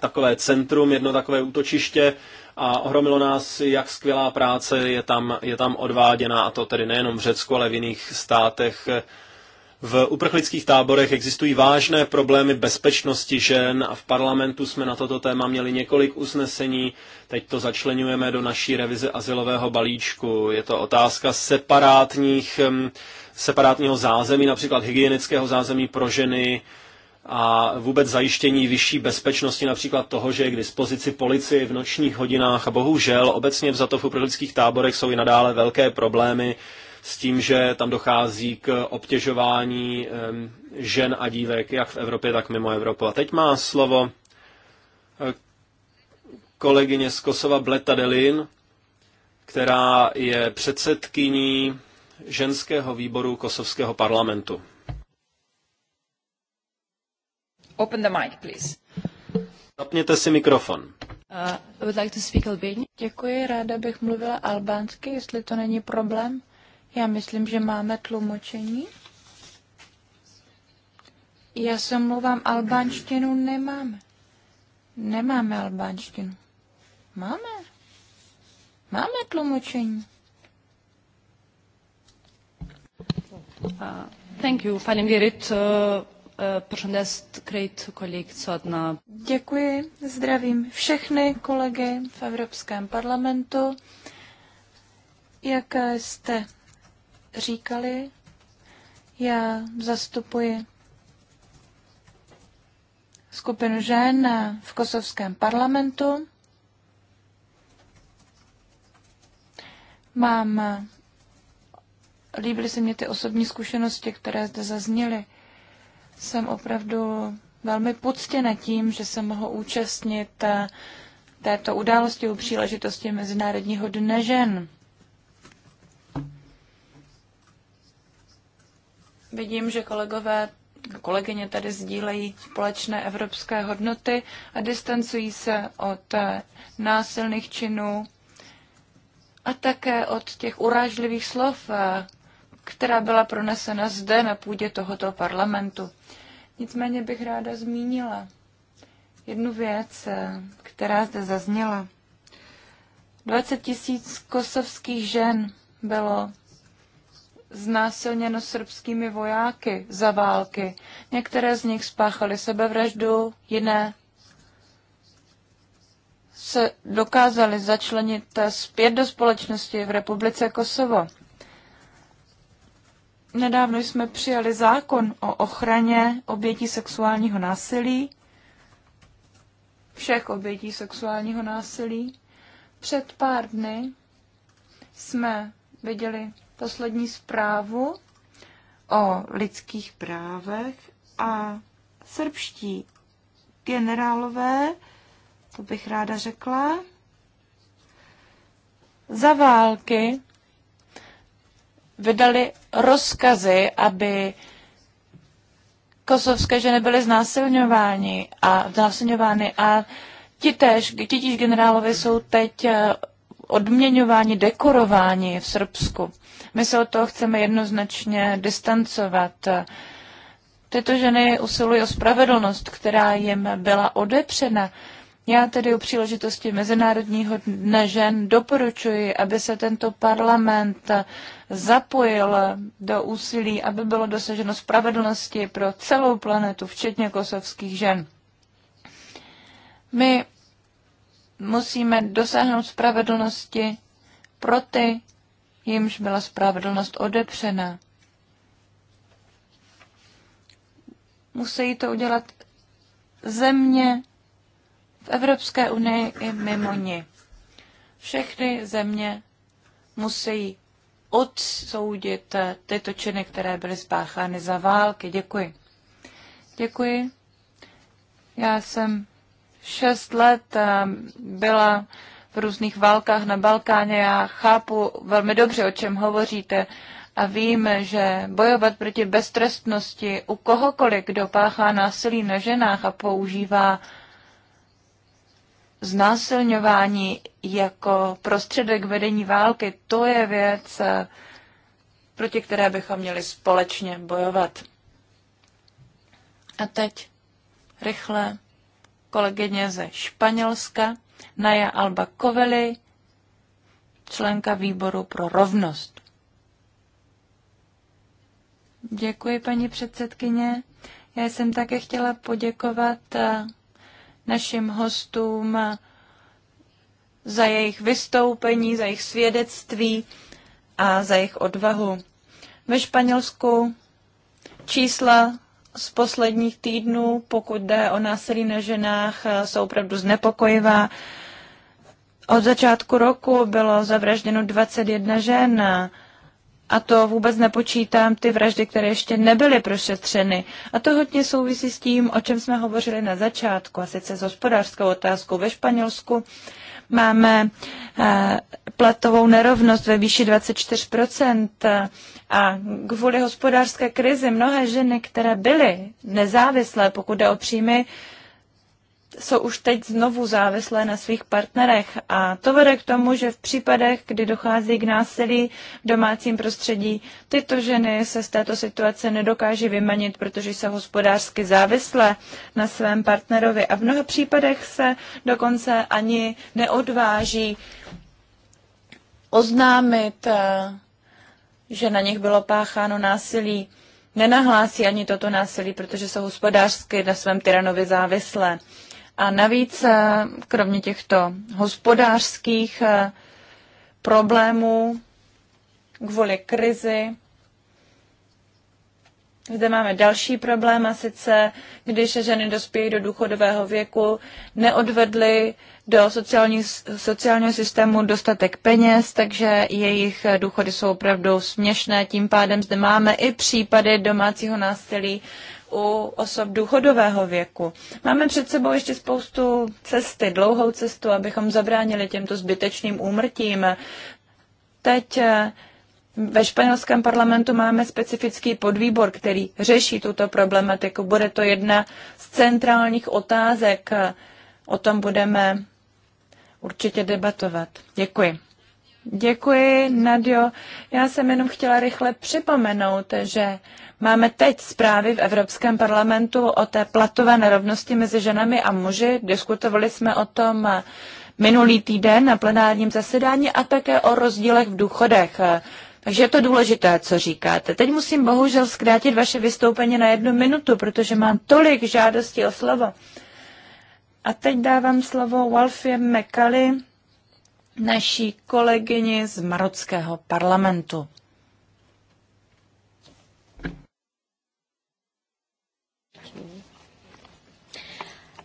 C: takové centrum, jedno takové útočiště, a ohromilo nás, jak skvělá práce je tam, je tam odváděna, a to tedy nejenom v Řecku, ale v jiných státech. V uprchlických táborech existují vážné problémy bezpečnosti žen a v parlamentu jsme na toto téma měli několik usnesení. Teď to začlenujeme do naší revize asilového balíčku. Je to otázka separátních, hm, separátního zázemí, například hygienického zázemí pro ženy, a vůbec zajištění vyšší bezpečnosti, například toho, že je k dispozici policii v nočních hodinách. A bohužel obecně vzato v uprchlických táborech jsou i nadále velké problémy s tím, že tam dochází k obtěžování žen a dívek, jak v Evropě, tak mimo Evropu. A teď má slovo eh, kolegyně z Kosova Bleta Delin, která je předsedkyní ženského výboru kosovského parlamentu.
A: Open the mic, please.
C: Zapněte si mikrofon. Uh,
A: I would like to speak Albanian. Děkuji, ráda bych mluvila albánsky, jestli to není problém. Já myslím, že máme tlumočení. Já se mluvám albánštinu, nemáme. Nemáme albánštinu. Máme. Máme tlumočení. Uh, thank you, panem Gerit. Uh... Eh, Děkuji, zdravím všechny kolegy v Evropském parlamentu. Jak jste říkali, já zastupuji skupinu žen v kosovském parlamentu. Mám, líbily se mě ty osobní zkušenosti, které zde zazněly jsem opravdu velmi poctěna tím, že se mohu účastnit eh, této události u příležitosti Mezinárodního dne žen. Vidím, že kolegové kolegyně tady sdílejí společné evropské hodnoty a distancují se od eh, násilných činů a také od těch urážlivých slov, eh, která byla pronesena zde na půdě tohoto parlamentu. Nicméně bych ráda zmínila jednu věc, eh, která zde zazněla. 20 tisíc kosovských žen bylo znásilněno srbskými vojáky za války. Některé z nich spáchaly sebevraždu, jiné se dokázali začlenit zpět do společnosti v Republice Kosovo. Nedávno jsme přijali zákon o ochraně obětí sexuálního násilí, všech obětí sexuálního násilí. Před pár dny jsme viděli poslední zprávu o lidských právech a srbští generálové, to bych ráda řekla, za války vydali rozkazy, aby kosovské ženy byly znásilňovány a znásilňovány a ti tež, titíž generálové jsou teď eh, odměňováni, dekorováni v Srbsku. My se o to chceme jednoznačně distancovat. Tyto ženy usilují o spravedlnost, která jim byla odepřena. Já tedy u příležitosti Mezinárodního dne žen doporučuji, aby se tento parlament zapojil do úsilí, aby bylo dosaženo spravedlnosti pro celou planetu, včetně kosovských žen. My musíme dosáhnout spravedlnosti pro ty, jimž byla spravedlnost odepřena. Musí to udělat země v Evropské unii i mimo ní. Všechny země musí odsoudit tyto činy, které byly spáchány za války. Děkuji. Děkuji. Já jsem šest let eh, byla v různých válkách na Balkáně. Já chápu velmi dobře, o čem hovoříte a vím, že bojovat proti beztrestnosti u kohokoliv, kdo páchá násilí na ženách a používá znásilňování jako prostředek vedení války, to je věc, eh, proti které bychom měli společně bojovat. A teď rychle kolegyně ze Španělska, Naja Alba Koveli, členka výboru pro rovnost. Děkuji, paní předsedkyně. Já jsem také chtěla poděkovat eh, našim hostům za jejich vystoupení, za jejich svědectví a za jejich odvahu. Ve Španělsku čísla z posledních týdnů, pokud jde o násilí na ženách, jsou opravdu znepokojivá. Od začátku roku bylo zavražděno 21 žen a to vůbec nepočítám ty vraždy, které ještě nebyly prošetřeny. A to hodně souvisí s tím, o čem jsme hovořili na začátku, a sice s hospodářskou otázkou ve Španělsku. Máme eh, platovou nerovnost ve výši 24% eh, a kvůli hospodářské krizi mnohé ženy, které byly nezávislé, pokud jde o příjmy, jsou už teď znovu závislé na svých partnerech a to vede k tomu, že v případech, kdy dochází k násilí v domácím prostředí, tyto ženy se z této situace nedokáží vymanit, protože jsou hospodářsky závislé na svém partnerovi a v mnoha případech se dokonce ani neodváží oznámit, eh, že na nich bylo pácháno násilí nenahlásí ani toto násilí, protože jsou hospodářsky na svém tyranovi závislé. A navíc, eh, kromě těchto hospodářských eh, problémů kvůli krizi, zde máme další problém a sice, když ženy dospějí do důchodového věku, neodvedly do sociální, sociálního systému dostatek peněz, takže jejich důchody jsou opravdu směšné. Tím pádem zde máme i případy domácího násilí u osob důchodového věku. Máme před sebou ještě spoustu cesty, dlouhou cestu, abychom zabránili těmto zbytečným úmrtím. Teď eh, ve španělském parlamentu máme specifický podvýbor, který řeší tuto problematiku. Bude to jedna z centrálních otázek. O tom budeme určitě debatovat. Děkuji. Děkuji, Nadio. Já jsem jenom chtěla rychle připomenout, že máme teď zprávy v Evropském parlamentu o té platové nerovnosti mezi ženami a muži. Diskutovali jsme o tom minulý týden na plenárním zasedání a také o rozdílech v důchodech. Takže je to důležité, co říkáte. Teď musím bohužel zkrátit vaše vystoupení na jednu minutu, protože mám tolik žádostí o slovo. A teď dávám slovo Walfie McCallie naší kolegyni z marockého parlamentu.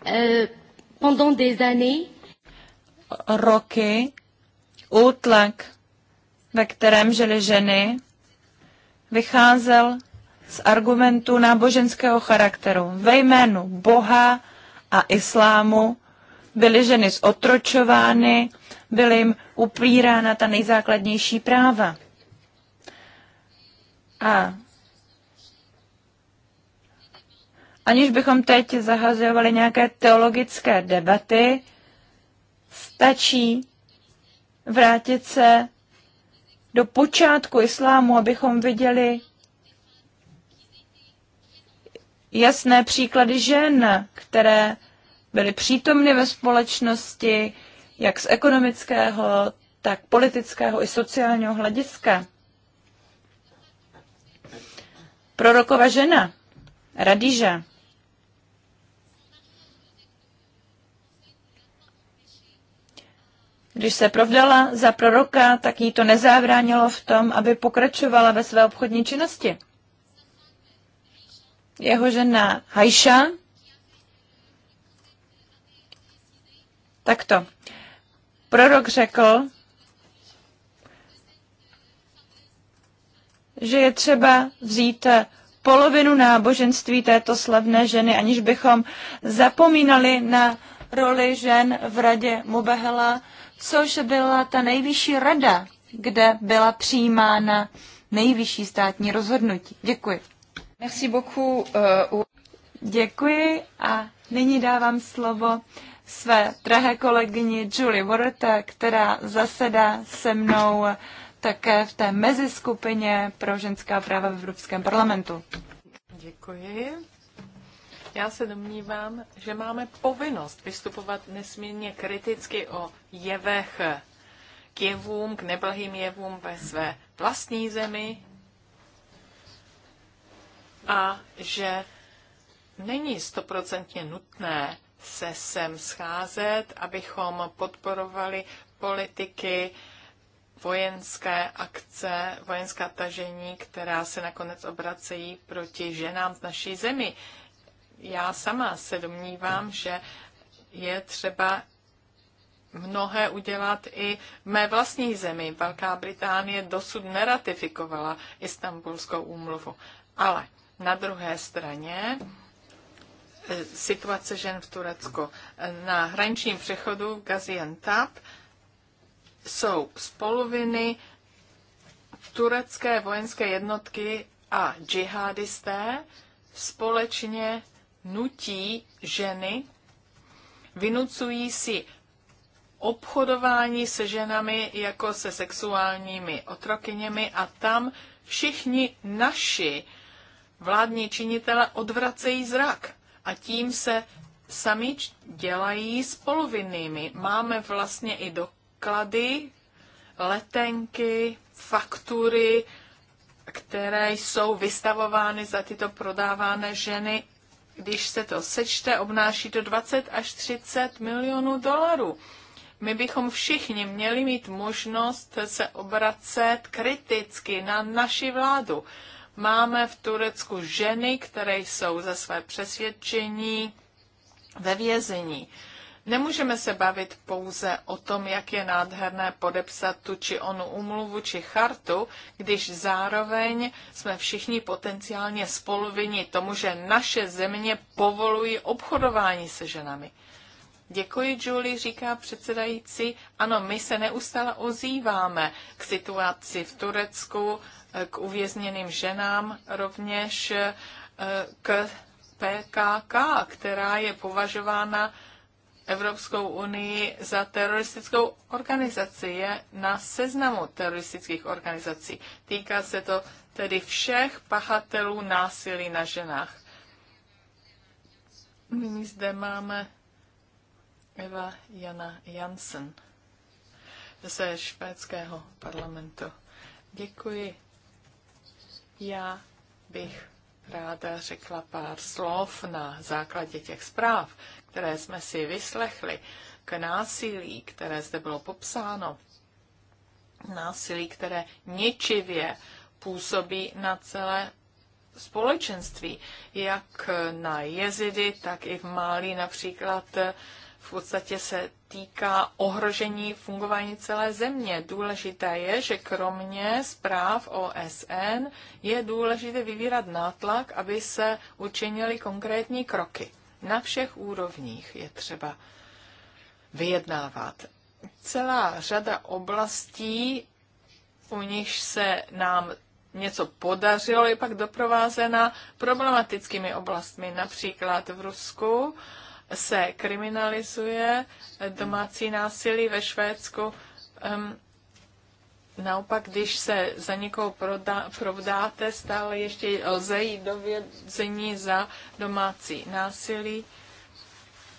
A: Eh, pendant des années, roky útlak, ve kterém žili ženy, vycházel z argumentů náboženského charakteru. Ve jménu Boha a islámu byly ženy zotročovány, byly jim upírána ta nejzákladnější práva. A aniž bychom teď zahazovali nějaké teologické debaty, stačí vrátit se do počátku islámu, abychom viděli jasné příklady žen, které byly přítomny ve společnosti, jak z ekonomického, tak politického i sociálního hlediska. Prorokova žena, Radíža, Když se provdala za proroka, tak jí to nezávránilo v tom, aby pokračovala ve své obchodní činnosti. Jeho žena Hajša, takto. Prorok řekl, že je třeba vzít polovinu náboženství této slavné ženy, aniž bychom zapomínali na roli žen v radě Mubahela, což byla ta nejvyšší rada, kde byla přijímána nejvyšší státní rozhodnutí. Děkuji. Merci beaucoup. Uh, Děkuji a nyní dávám slovo své drahé kolegyni Julie Ward, která zasedá se mnou také v té meziskupině pro ženská práva v Evropském parlamentu.
B: Děkuji. Já se domnívám, že máme povinnost vystupovat nesmírně kriticky o jevech k jevům, k neblhým jevům ve své vlastní zemi a že není stoprocentně nutné se sem scházet, abychom podporovali politiky, vojenské akce, vojenská tažení, která se nakonec obracejí proti ženám z naší zemi. Já sama se domnívám, že je třeba mnohé udělat i v mé vlastní zemi. Velká Británie dosud neratifikovala Istanbulskou úmluvu. Ale na druhé straně Eh, situace žen v Turecku. Na hraničním přechodu Gaziantep jsou spoluviny turecké vojenské jednotky a džihadisté společně nutí ženy, vynucují si obchodování se ženami jako se sexuálními otrokyněmi a tam všichni naši vládní činitele odvracejí zrak a tím se sami dělají spoluvinnými. Máme vlastně i doklady, letenky, faktury, které jsou vystavovány za tyto prodávané ženy. Když se to sečte, obnáší to 20 až 30 milionů dolarů. My bychom všichni měli mít možnost se obracet kriticky na naši vládu Máme v Turecku ženy, které jsou za své přesvědčení ve vězení. Nemůžeme se bavit pouze o tom, jak je nádherné podepsat tu či onu umluvu či chartu, když zároveň jsme všichni potenciálně spoluvinni tomu, že naše země povolují obchodování se ženami. Děkuji, Julie, říká předsedající. Ano, my se neustále ozýváme k situaci v Turecku, k uvězněným ženám, rovněž eh, k PKK, která je považována Evropskou unii za teroristickou organizaci, je na seznamu teroristických organizací. Týká se to tedy všech pachatelů násilí na ženách. Nyní zde máme Eva Jana Jansen ze švédského parlamentu. Děkuji já bych ráda řekla pár slov na základě těch zpráv, které jsme si vyslechli k násilí, které zde bylo popsáno. Násilí, které ničivě působí na celé společenství, jak na jezidy, tak i v Málí například v podstatě se týká ohrožení fungování celé země. Důležité je, že kromě zpráv OSN je důležité vyvírat nátlak, aby se učinili konkrétní kroky. Na všech úrovních je třeba vyjednávat. Celá řada oblastí, u nich se nám něco podařilo, je pak doprovázena problematickými oblastmi, například v Rusku se kriminalizuje domácí násilí ve Švédsku. Um, naopak, když se za někoho provdáte, stále ještě lze jít do vězení za domácí násilí.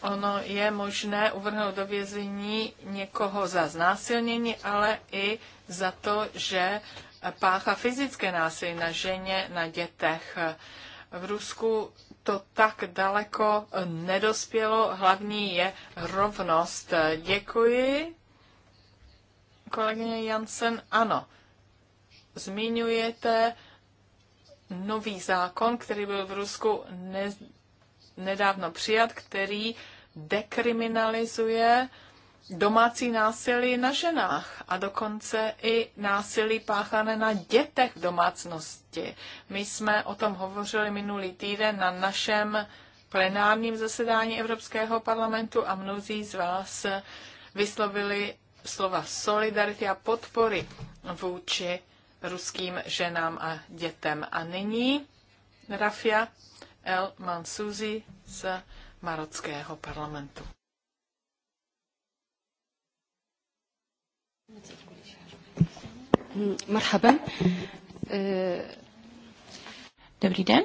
B: Ono je možné uvrhnout do vězení někoho za znásilnění, ale i za to, že pácha fyzické násilí na ženě, na dětech. V Rusku to tak daleko eh, nedospělo. Hlavní je rovnost. Děkuji. Kolegyně Jansen, ano. Zmiňujete nový zákon, který byl v Rusku ne, nedávno přijat, který dekriminalizuje uh, domácí násilí na ženách a dokonce i násilí páchané na dětech v domácnosti. My jsme o tom hovořili minulý týden na našem plenárním zasedání Evropského parlamentu a mnozí z vás vyslovili slova solidarity a podpory vůči ruským ženám a dětem. A nyní Rafia El Mansuzi z marockého parlamentu. Marhaban. Eh,
A: dobrý den.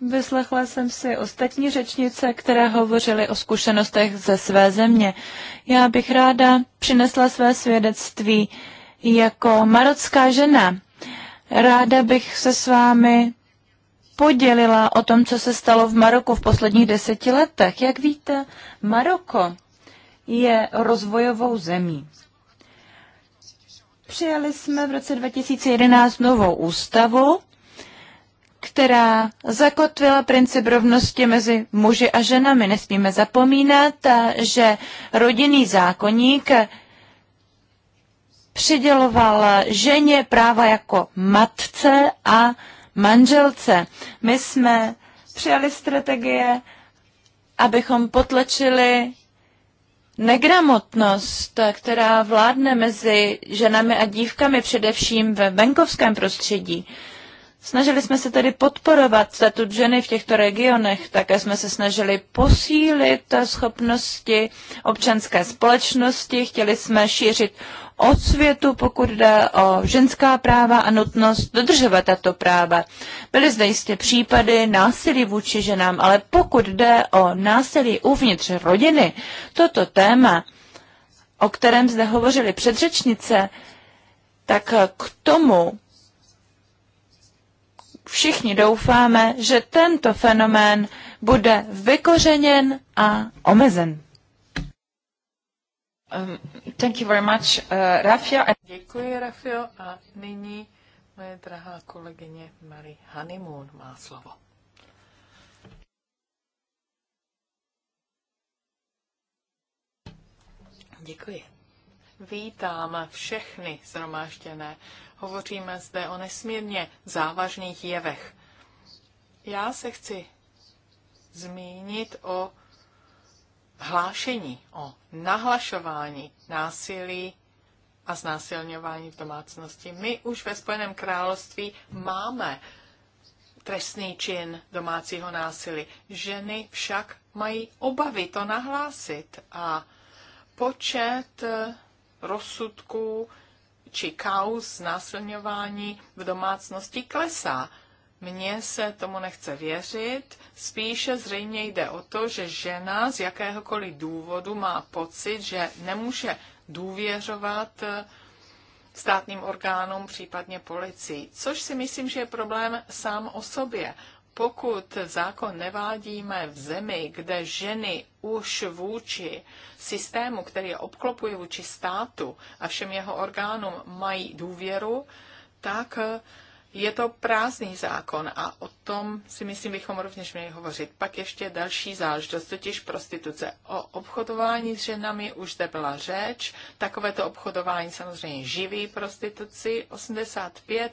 A: Vyslechla jsem si ostatní řečnice, které hovořily o zkušenostech ze své země. Já bych ráda přinesla své svědectví jako marocká žena. Ráda bych se s vámi podělila o tom, co se stalo v Maroku v posledních deseti letech. Jak víte, Maroko je rozvojovou zemí. Přijali jsme v roce 2011 novou ústavu, která zakotvila princip rovnosti mezi muži a ženami. Nesmíme zapomínat, že rodinný zákonník přiděloval ženě práva jako matce a manželce. My jsme přijali strategie, abychom potlačili negramotnost, která vládne mezi ženami a dívkami, především ve venkovském prostředí. Snažili jsme se tedy podporovat statut ženy v těchto regionech, také jsme se snažili posílit schopnosti občanské společnosti, chtěli jsme šířit osvětu, pokud jde o ženská práva a nutnost dodržovat tato práva. Byly zde jistě případy násilí vůči ženám, ale pokud jde o násilí uvnitř rodiny, toto téma, o kterém zde hovořili předřečnice, tak k tomu všichni doufáme, že tento fenomén bude vykořeněn a
B: omezen. Um, thank you very much, uh, Děkuji, Rafio. A nyní moje drahá kolegyně Marie Honeymoon má slovo. Děkuji. Vítám všechny zhromáštěné Hovoříme zde o nesmírně závažných jevech. Já se chci zmínit o hlášení, o nahlašování násilí a znásilňování v domácnosti. My už ve Spojeném království máme trestný čin domácího násilí. Ženy však mají obavy to nahlásit a počet eh, rozsudků či kaus násilňování v domácnosti klesá. Mně se tomu nechce věřit, spíše zřejmě jde o to, že žena z jakéhokoliv důvodu má pocit, že nemůže důvěřovat eh, státním orgánům, případně policii, což si myslím, že je problém sám o sobě pokud zákon nevádíme v zemi, kde ženy už vůči systému, který je obklopuje vůči státu a všem jeho orgánům, mají důvěru, tak je to prázdný zákon a o tom si myslím, bychom rovněž měli hovořit. Pak ještě další záležitost, totiž prostituce. O obchodování s ženami už zde byla řeč. Takovéto obchodování samozřejmě živí prostituci. 85%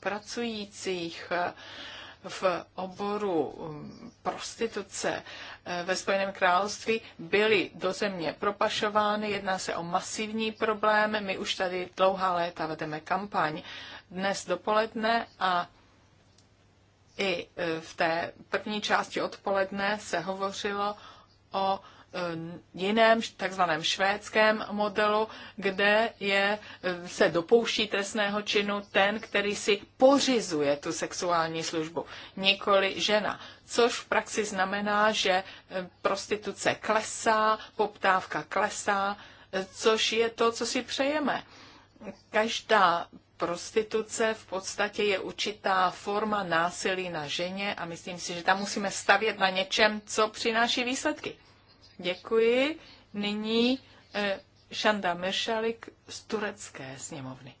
B: pracujících eh, v oboru mm, prostituce eh, ve Spojeném království byly do země propašovány. Jedná se o masivní problém. My už tady dlouhá léta vedeme kampaň dnes dopoledne a i e, v té první části odpoledne se hovořilo o e, jiném takzvaném švédském modelu, kde je, e, se dopouští trestného činu ten, který si pořizuje tu sexuální službu, nikoli žena. Což v praxi znamená, že prostituce klesá, poptávka klesá, což je to, co si přejeme. Každá prostituce v podstatě je určitá forma násilí na ženě a myslím si, že tam musíme stavět na něčem, co přináší výsledky. Děkuji. Nyní Šanda eh, Miršalik z turecké sněmovny.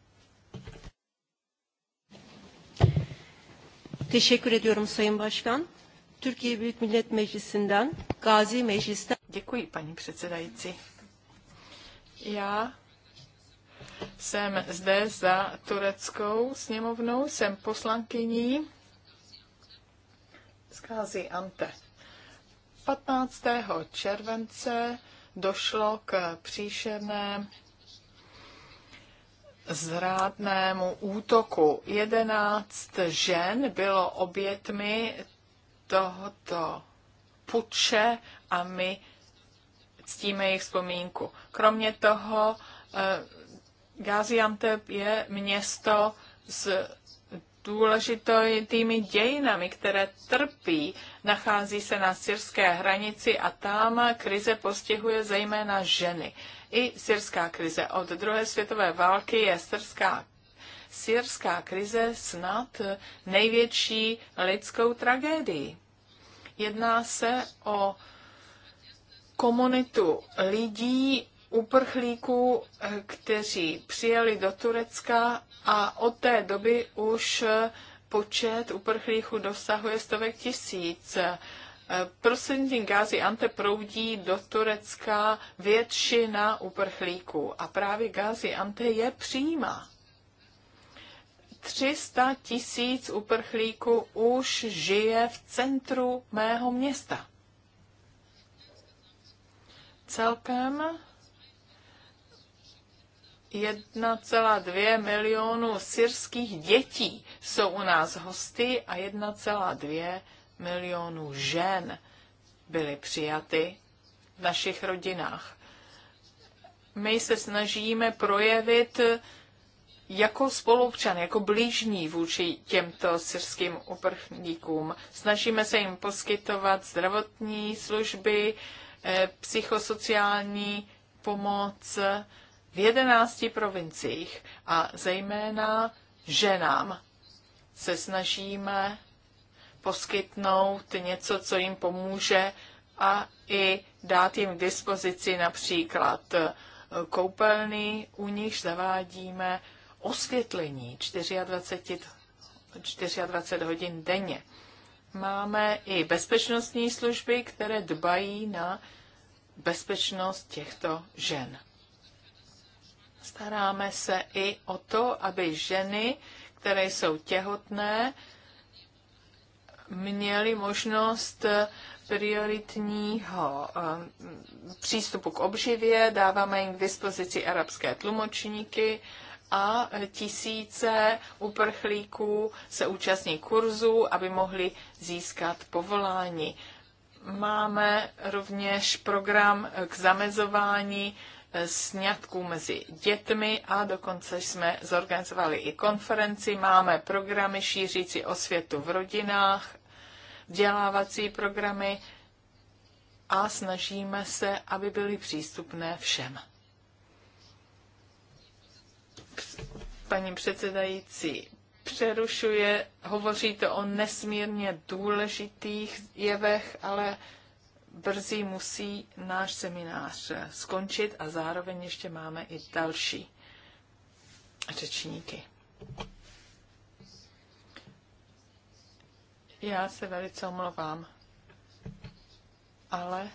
C: Teşekkür ediyorum
B: Sayın Başkan. Türkiye Büyük Millet Meclisi'nden, Gazi Meclis'ten... Děkuji, paní předsedající. Já jsem zde za tureckou sněmovnou, jsem poslankyní z Kázy Ante. 15. července došlo k příšerné zrádnému útoku. 11 žen bylo obětmi tohoto puče a my ctíme jejich vzpomínku. Kromě toho eh, Gaziantep je město s důležitými dějinami, které trpí. Nachází se na syrské hranici a tam krize postihuje zejména ženy. I syrská krize. Od druhé světové války je syrská syrská krize snad největší lidskou tragédií. Jedná se o komunitu lidí, uprchlíků, eh, kteří přijeli do Turecka a od té doby už eh, počet uprchlíků dosahuje stovek tisíc. Eh, Prostřednictvím Gázy Ante proudí do Turecka většina uprchlíků a právě Gázy Ante je přijímá. 300 tisíc uprchlíků už žije v centru mého města. Celkem 1,2 milionu syrských dětí jsou u nás hosty a 1,2 milionu žen byly přijaty v našich rodinách. My se snažíme projevit jako spolupčan, jako blížní vůči těmto syrským uprchlíkům. Snažíme se jim poskytovat zdravotní služby, eh, psychosociální pomoc, v jedenácti provinciích a zejména ženám se snažíme poskytnout něco, co jim pomůže a i dát jim k dispozici například eh, koupelny, u nich zavádíme osvětlení 24, 24 hodin denně. Máme i bezpečnostní služby, které dbají na bezpečnost těchto žen. Staráme se i o to, aby ženy, které jsou těhotné, měly možnost prioritního eh, přístupu k obživě, dáváme jim k dispozici arabské tlumočníky a tisíce uprchlíků se účastní kurzů, aby mohli získat povolání. Máme rovněž program k zamezování sňatků mezi dětmi a dokonce jsme zorganizovali i konferenci. Máme programy šířící osvětu v rodinách, vzdělávací programy a snažíme se, aby byly přístupné všem. Paní předsedající přerušuje, hovoří to o nesmírně důležitých jevech, ale brzy musí náš seminář eh, skončit a zároveň ještě máme i další řečníky. Já se velice omlouvám, ale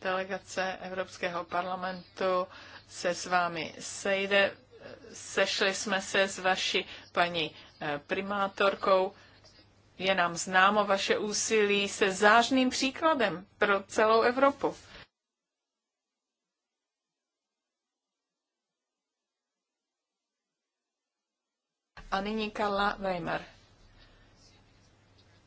B: delegace Evropského parlamentu se s vámi sejde. Eh, Sešli jsme se s vaší paní eh, primátorkou je nám známo vaše úsilí se zářným příkladem pro celou Evropu. A nyní Karla Weimer.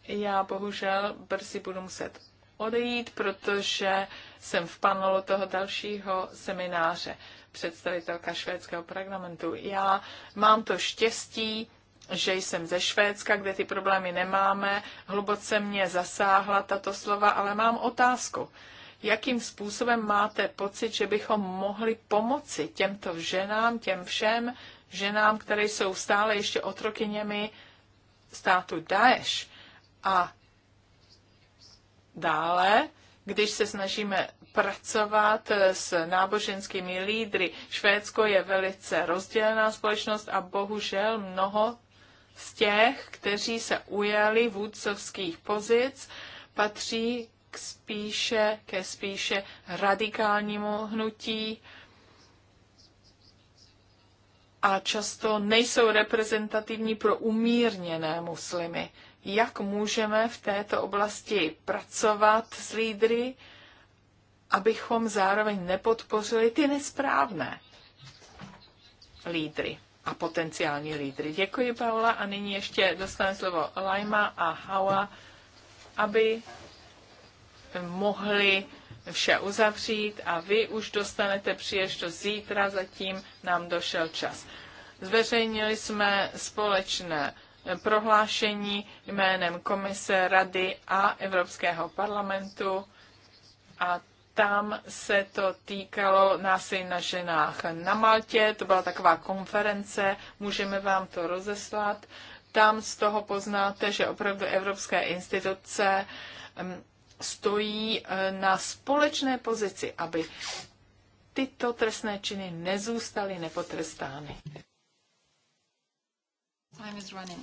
B: Já bohužel brzy budu muset odejít, protože jsem v panelu toho dalšího semináře, představitelka švédského parlamentu. Já mám to štěstí že jsem ze Švédska, kde ty problémy nemáme. Hluboce mě zasáhla tato slova, ale mám otázku. Jakým způsobem máte pocit, že bychom mohli pomoci těmto ženám, těm všem ženám, které jsou stále ještě otrokyněmi státu Daesh? A dále, když se snažíme pracovat s náboženskými lídry. Švédsko je velice rozdělená společnost a bohužel mnoho z těch, kteří se ujali vůdcovských pozic, patří k spíše, ke spíše radikálnímu hnutí a často nejsou reprezentativní pro umírněné muslimy. Jak můžeme v této oblasti pracovat s lídry, abychom zároveň nepodpořili ty nesprávné lídry? a potenciální lídry. Děkuji, Paula. A nyní ještě dostane slovo Lajma a Hawa, aby mohli vše uzavřít a vy už dostanete příležitost zítra, zatím nám došel čas. Zveřejnili jsme společné prohlášení jménem Komise Rady a Evropského parlamentu a tam se to týkalo násilí na ženách na Maltě, to byla taková konference, můžeme vám to rozeslat. Tam z toho poznáte, že opravdu evropské instituce mm, stojí e, na společné pozici, aby tyto trestné činy nezůstaly nepotrestány. Time is running.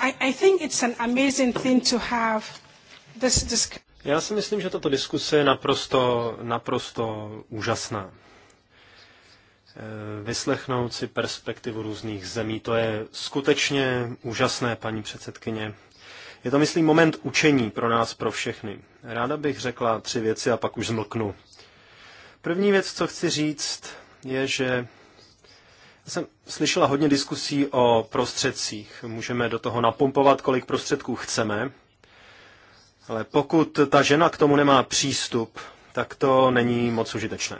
B: I, I think it's an amazing thing to have this discussion.
C: Já si myslím, že tato diskuse je naprosto, naprosto úžasná. E, vyslechnout si perspektivu různých zemí, to je skutečně úžasné, paní předsedkyně. Je to, myslím, moment učení pro nás, pro všechny. Ráda bych řekla tři věci a pak už zmlknu. První věc, co chci říct, je, že já jsem slyšela hodně diskusí o prostředcích. Můžeme do toho napumpovat, kolik prostředků chceme, ale pokud ta žena k tomu nemá přístup, tak to není moc užitečné.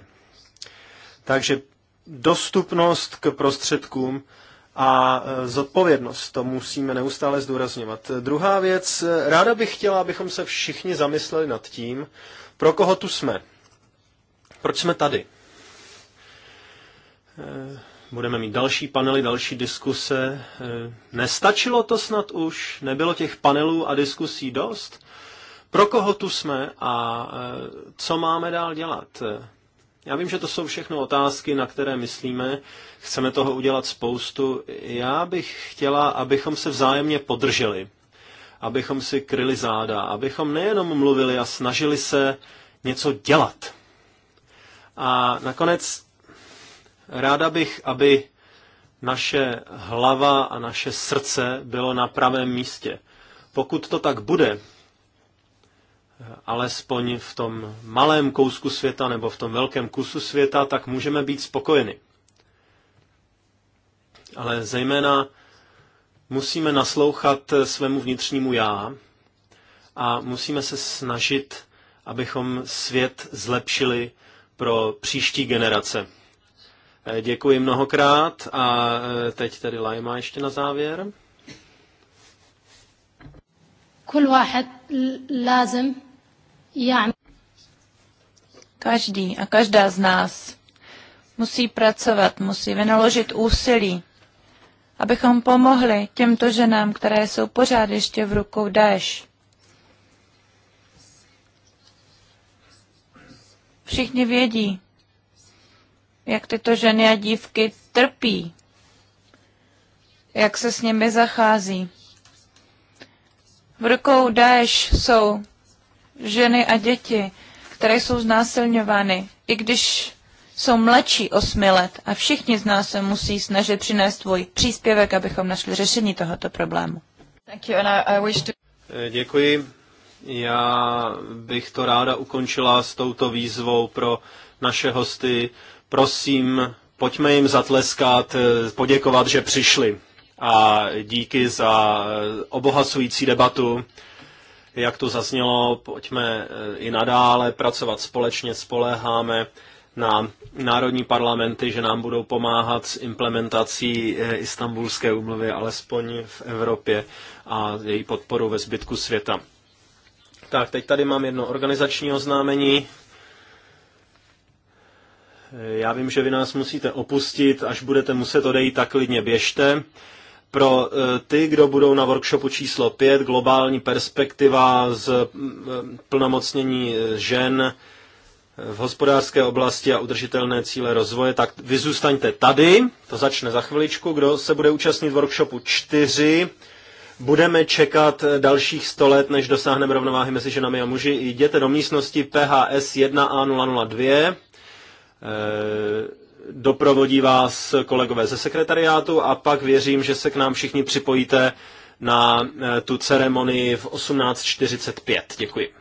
C: Takže dostupnost k prostředkům a e, zodpovědnost, to musíme neustále zdůrazňovat. Druhá věc, ráda bych chtěla, abychom se všichni zamysleli nad tím, pro koho tu jsme. Proč jsme tady? E, budeme mít další panely, další diskuse. E, nestačilo to snad už? Nebylo těch panelů a diskusí dost? pro koho tu jsme a e, co máme dál dělat. Já vím, že to jsou všechno otázky, na které myslíme. Chceme toho udělat spoustu. Já bych chtěla, abychom se vzájemně podrželi, abychom si kryli záda, abychom nejenom mluvili a snažili se něco dělat. A nakonec ráda bych, aby naše hlava a naše srdce bylo na pravém místě. Pokud to tak bude, alespoň v tom malém kousku světa nebo v tom velkém kusu světa, tak můžeme být spokojeni. Ale zejména musíme naslouchat svému vnitřnímu já a musíme se snažit, abychom svět zlepšili pro příští generace. Eh, děkuji mnohokrát a eh, teď tedy Lajma ještě na závěr.
A: كل واحد لازم Každý a každá z nás musí pracovat, musí vynaložit úsilí, abychom pomohli těmto ženám, které jsou pořád ještě v rukou Daesh. Všichni vědí, jak tyto ženy a dívky trpí, jak se s nimi zachází. V rukou Daesh jsou ženy a děti, které jsou znásilňovány, i když jsou mladší osmi let a všichni z nás se musí snažit přinést svůj příspěvek, abychom našli řešení tohoto problému. Eh,
C: děkuji. Já bych to ráda ukončila s touto výzvou pro naše hosty. Prosím, pojďme jim zatleskat, eh, poděkovat, že přišli. A díky za eh, obohacující debatu. Jak to zaznělo, pojďme eh, i nadále pracovat společně, spoléháme na národní parlamenty, že nám budou pomáhat s implementací eh, istambulské úmluvy, alespoň v Evropě a její podporu ve zbytku světa. Tak, teď tady mám jedno organizační oznámení. Eh, já vím, že vy nás musíte opustit, až budete muset odejít, tak klidně běžte pro eh, ty, kdo budou na workshopu číslo 5, globální perspektiva z eh, plnomocnění eh, žen v hospodářské oblasti a udržitelné cíle rozvoje, tak vy zůstaňte tady, to začne za chviličku. Kdo se bude účastnit workshopu 4, budeme čekat dalších 100 let, než dosáhneme rovnováhy mezi ženami a muži. Jděte do místnosti PHS 1A002 doprovodí vás kolegové ze sekretariátu a pak věřím, že se k nám všichni připojíte na eh, tu ceremonii v 18.45. Děkuji.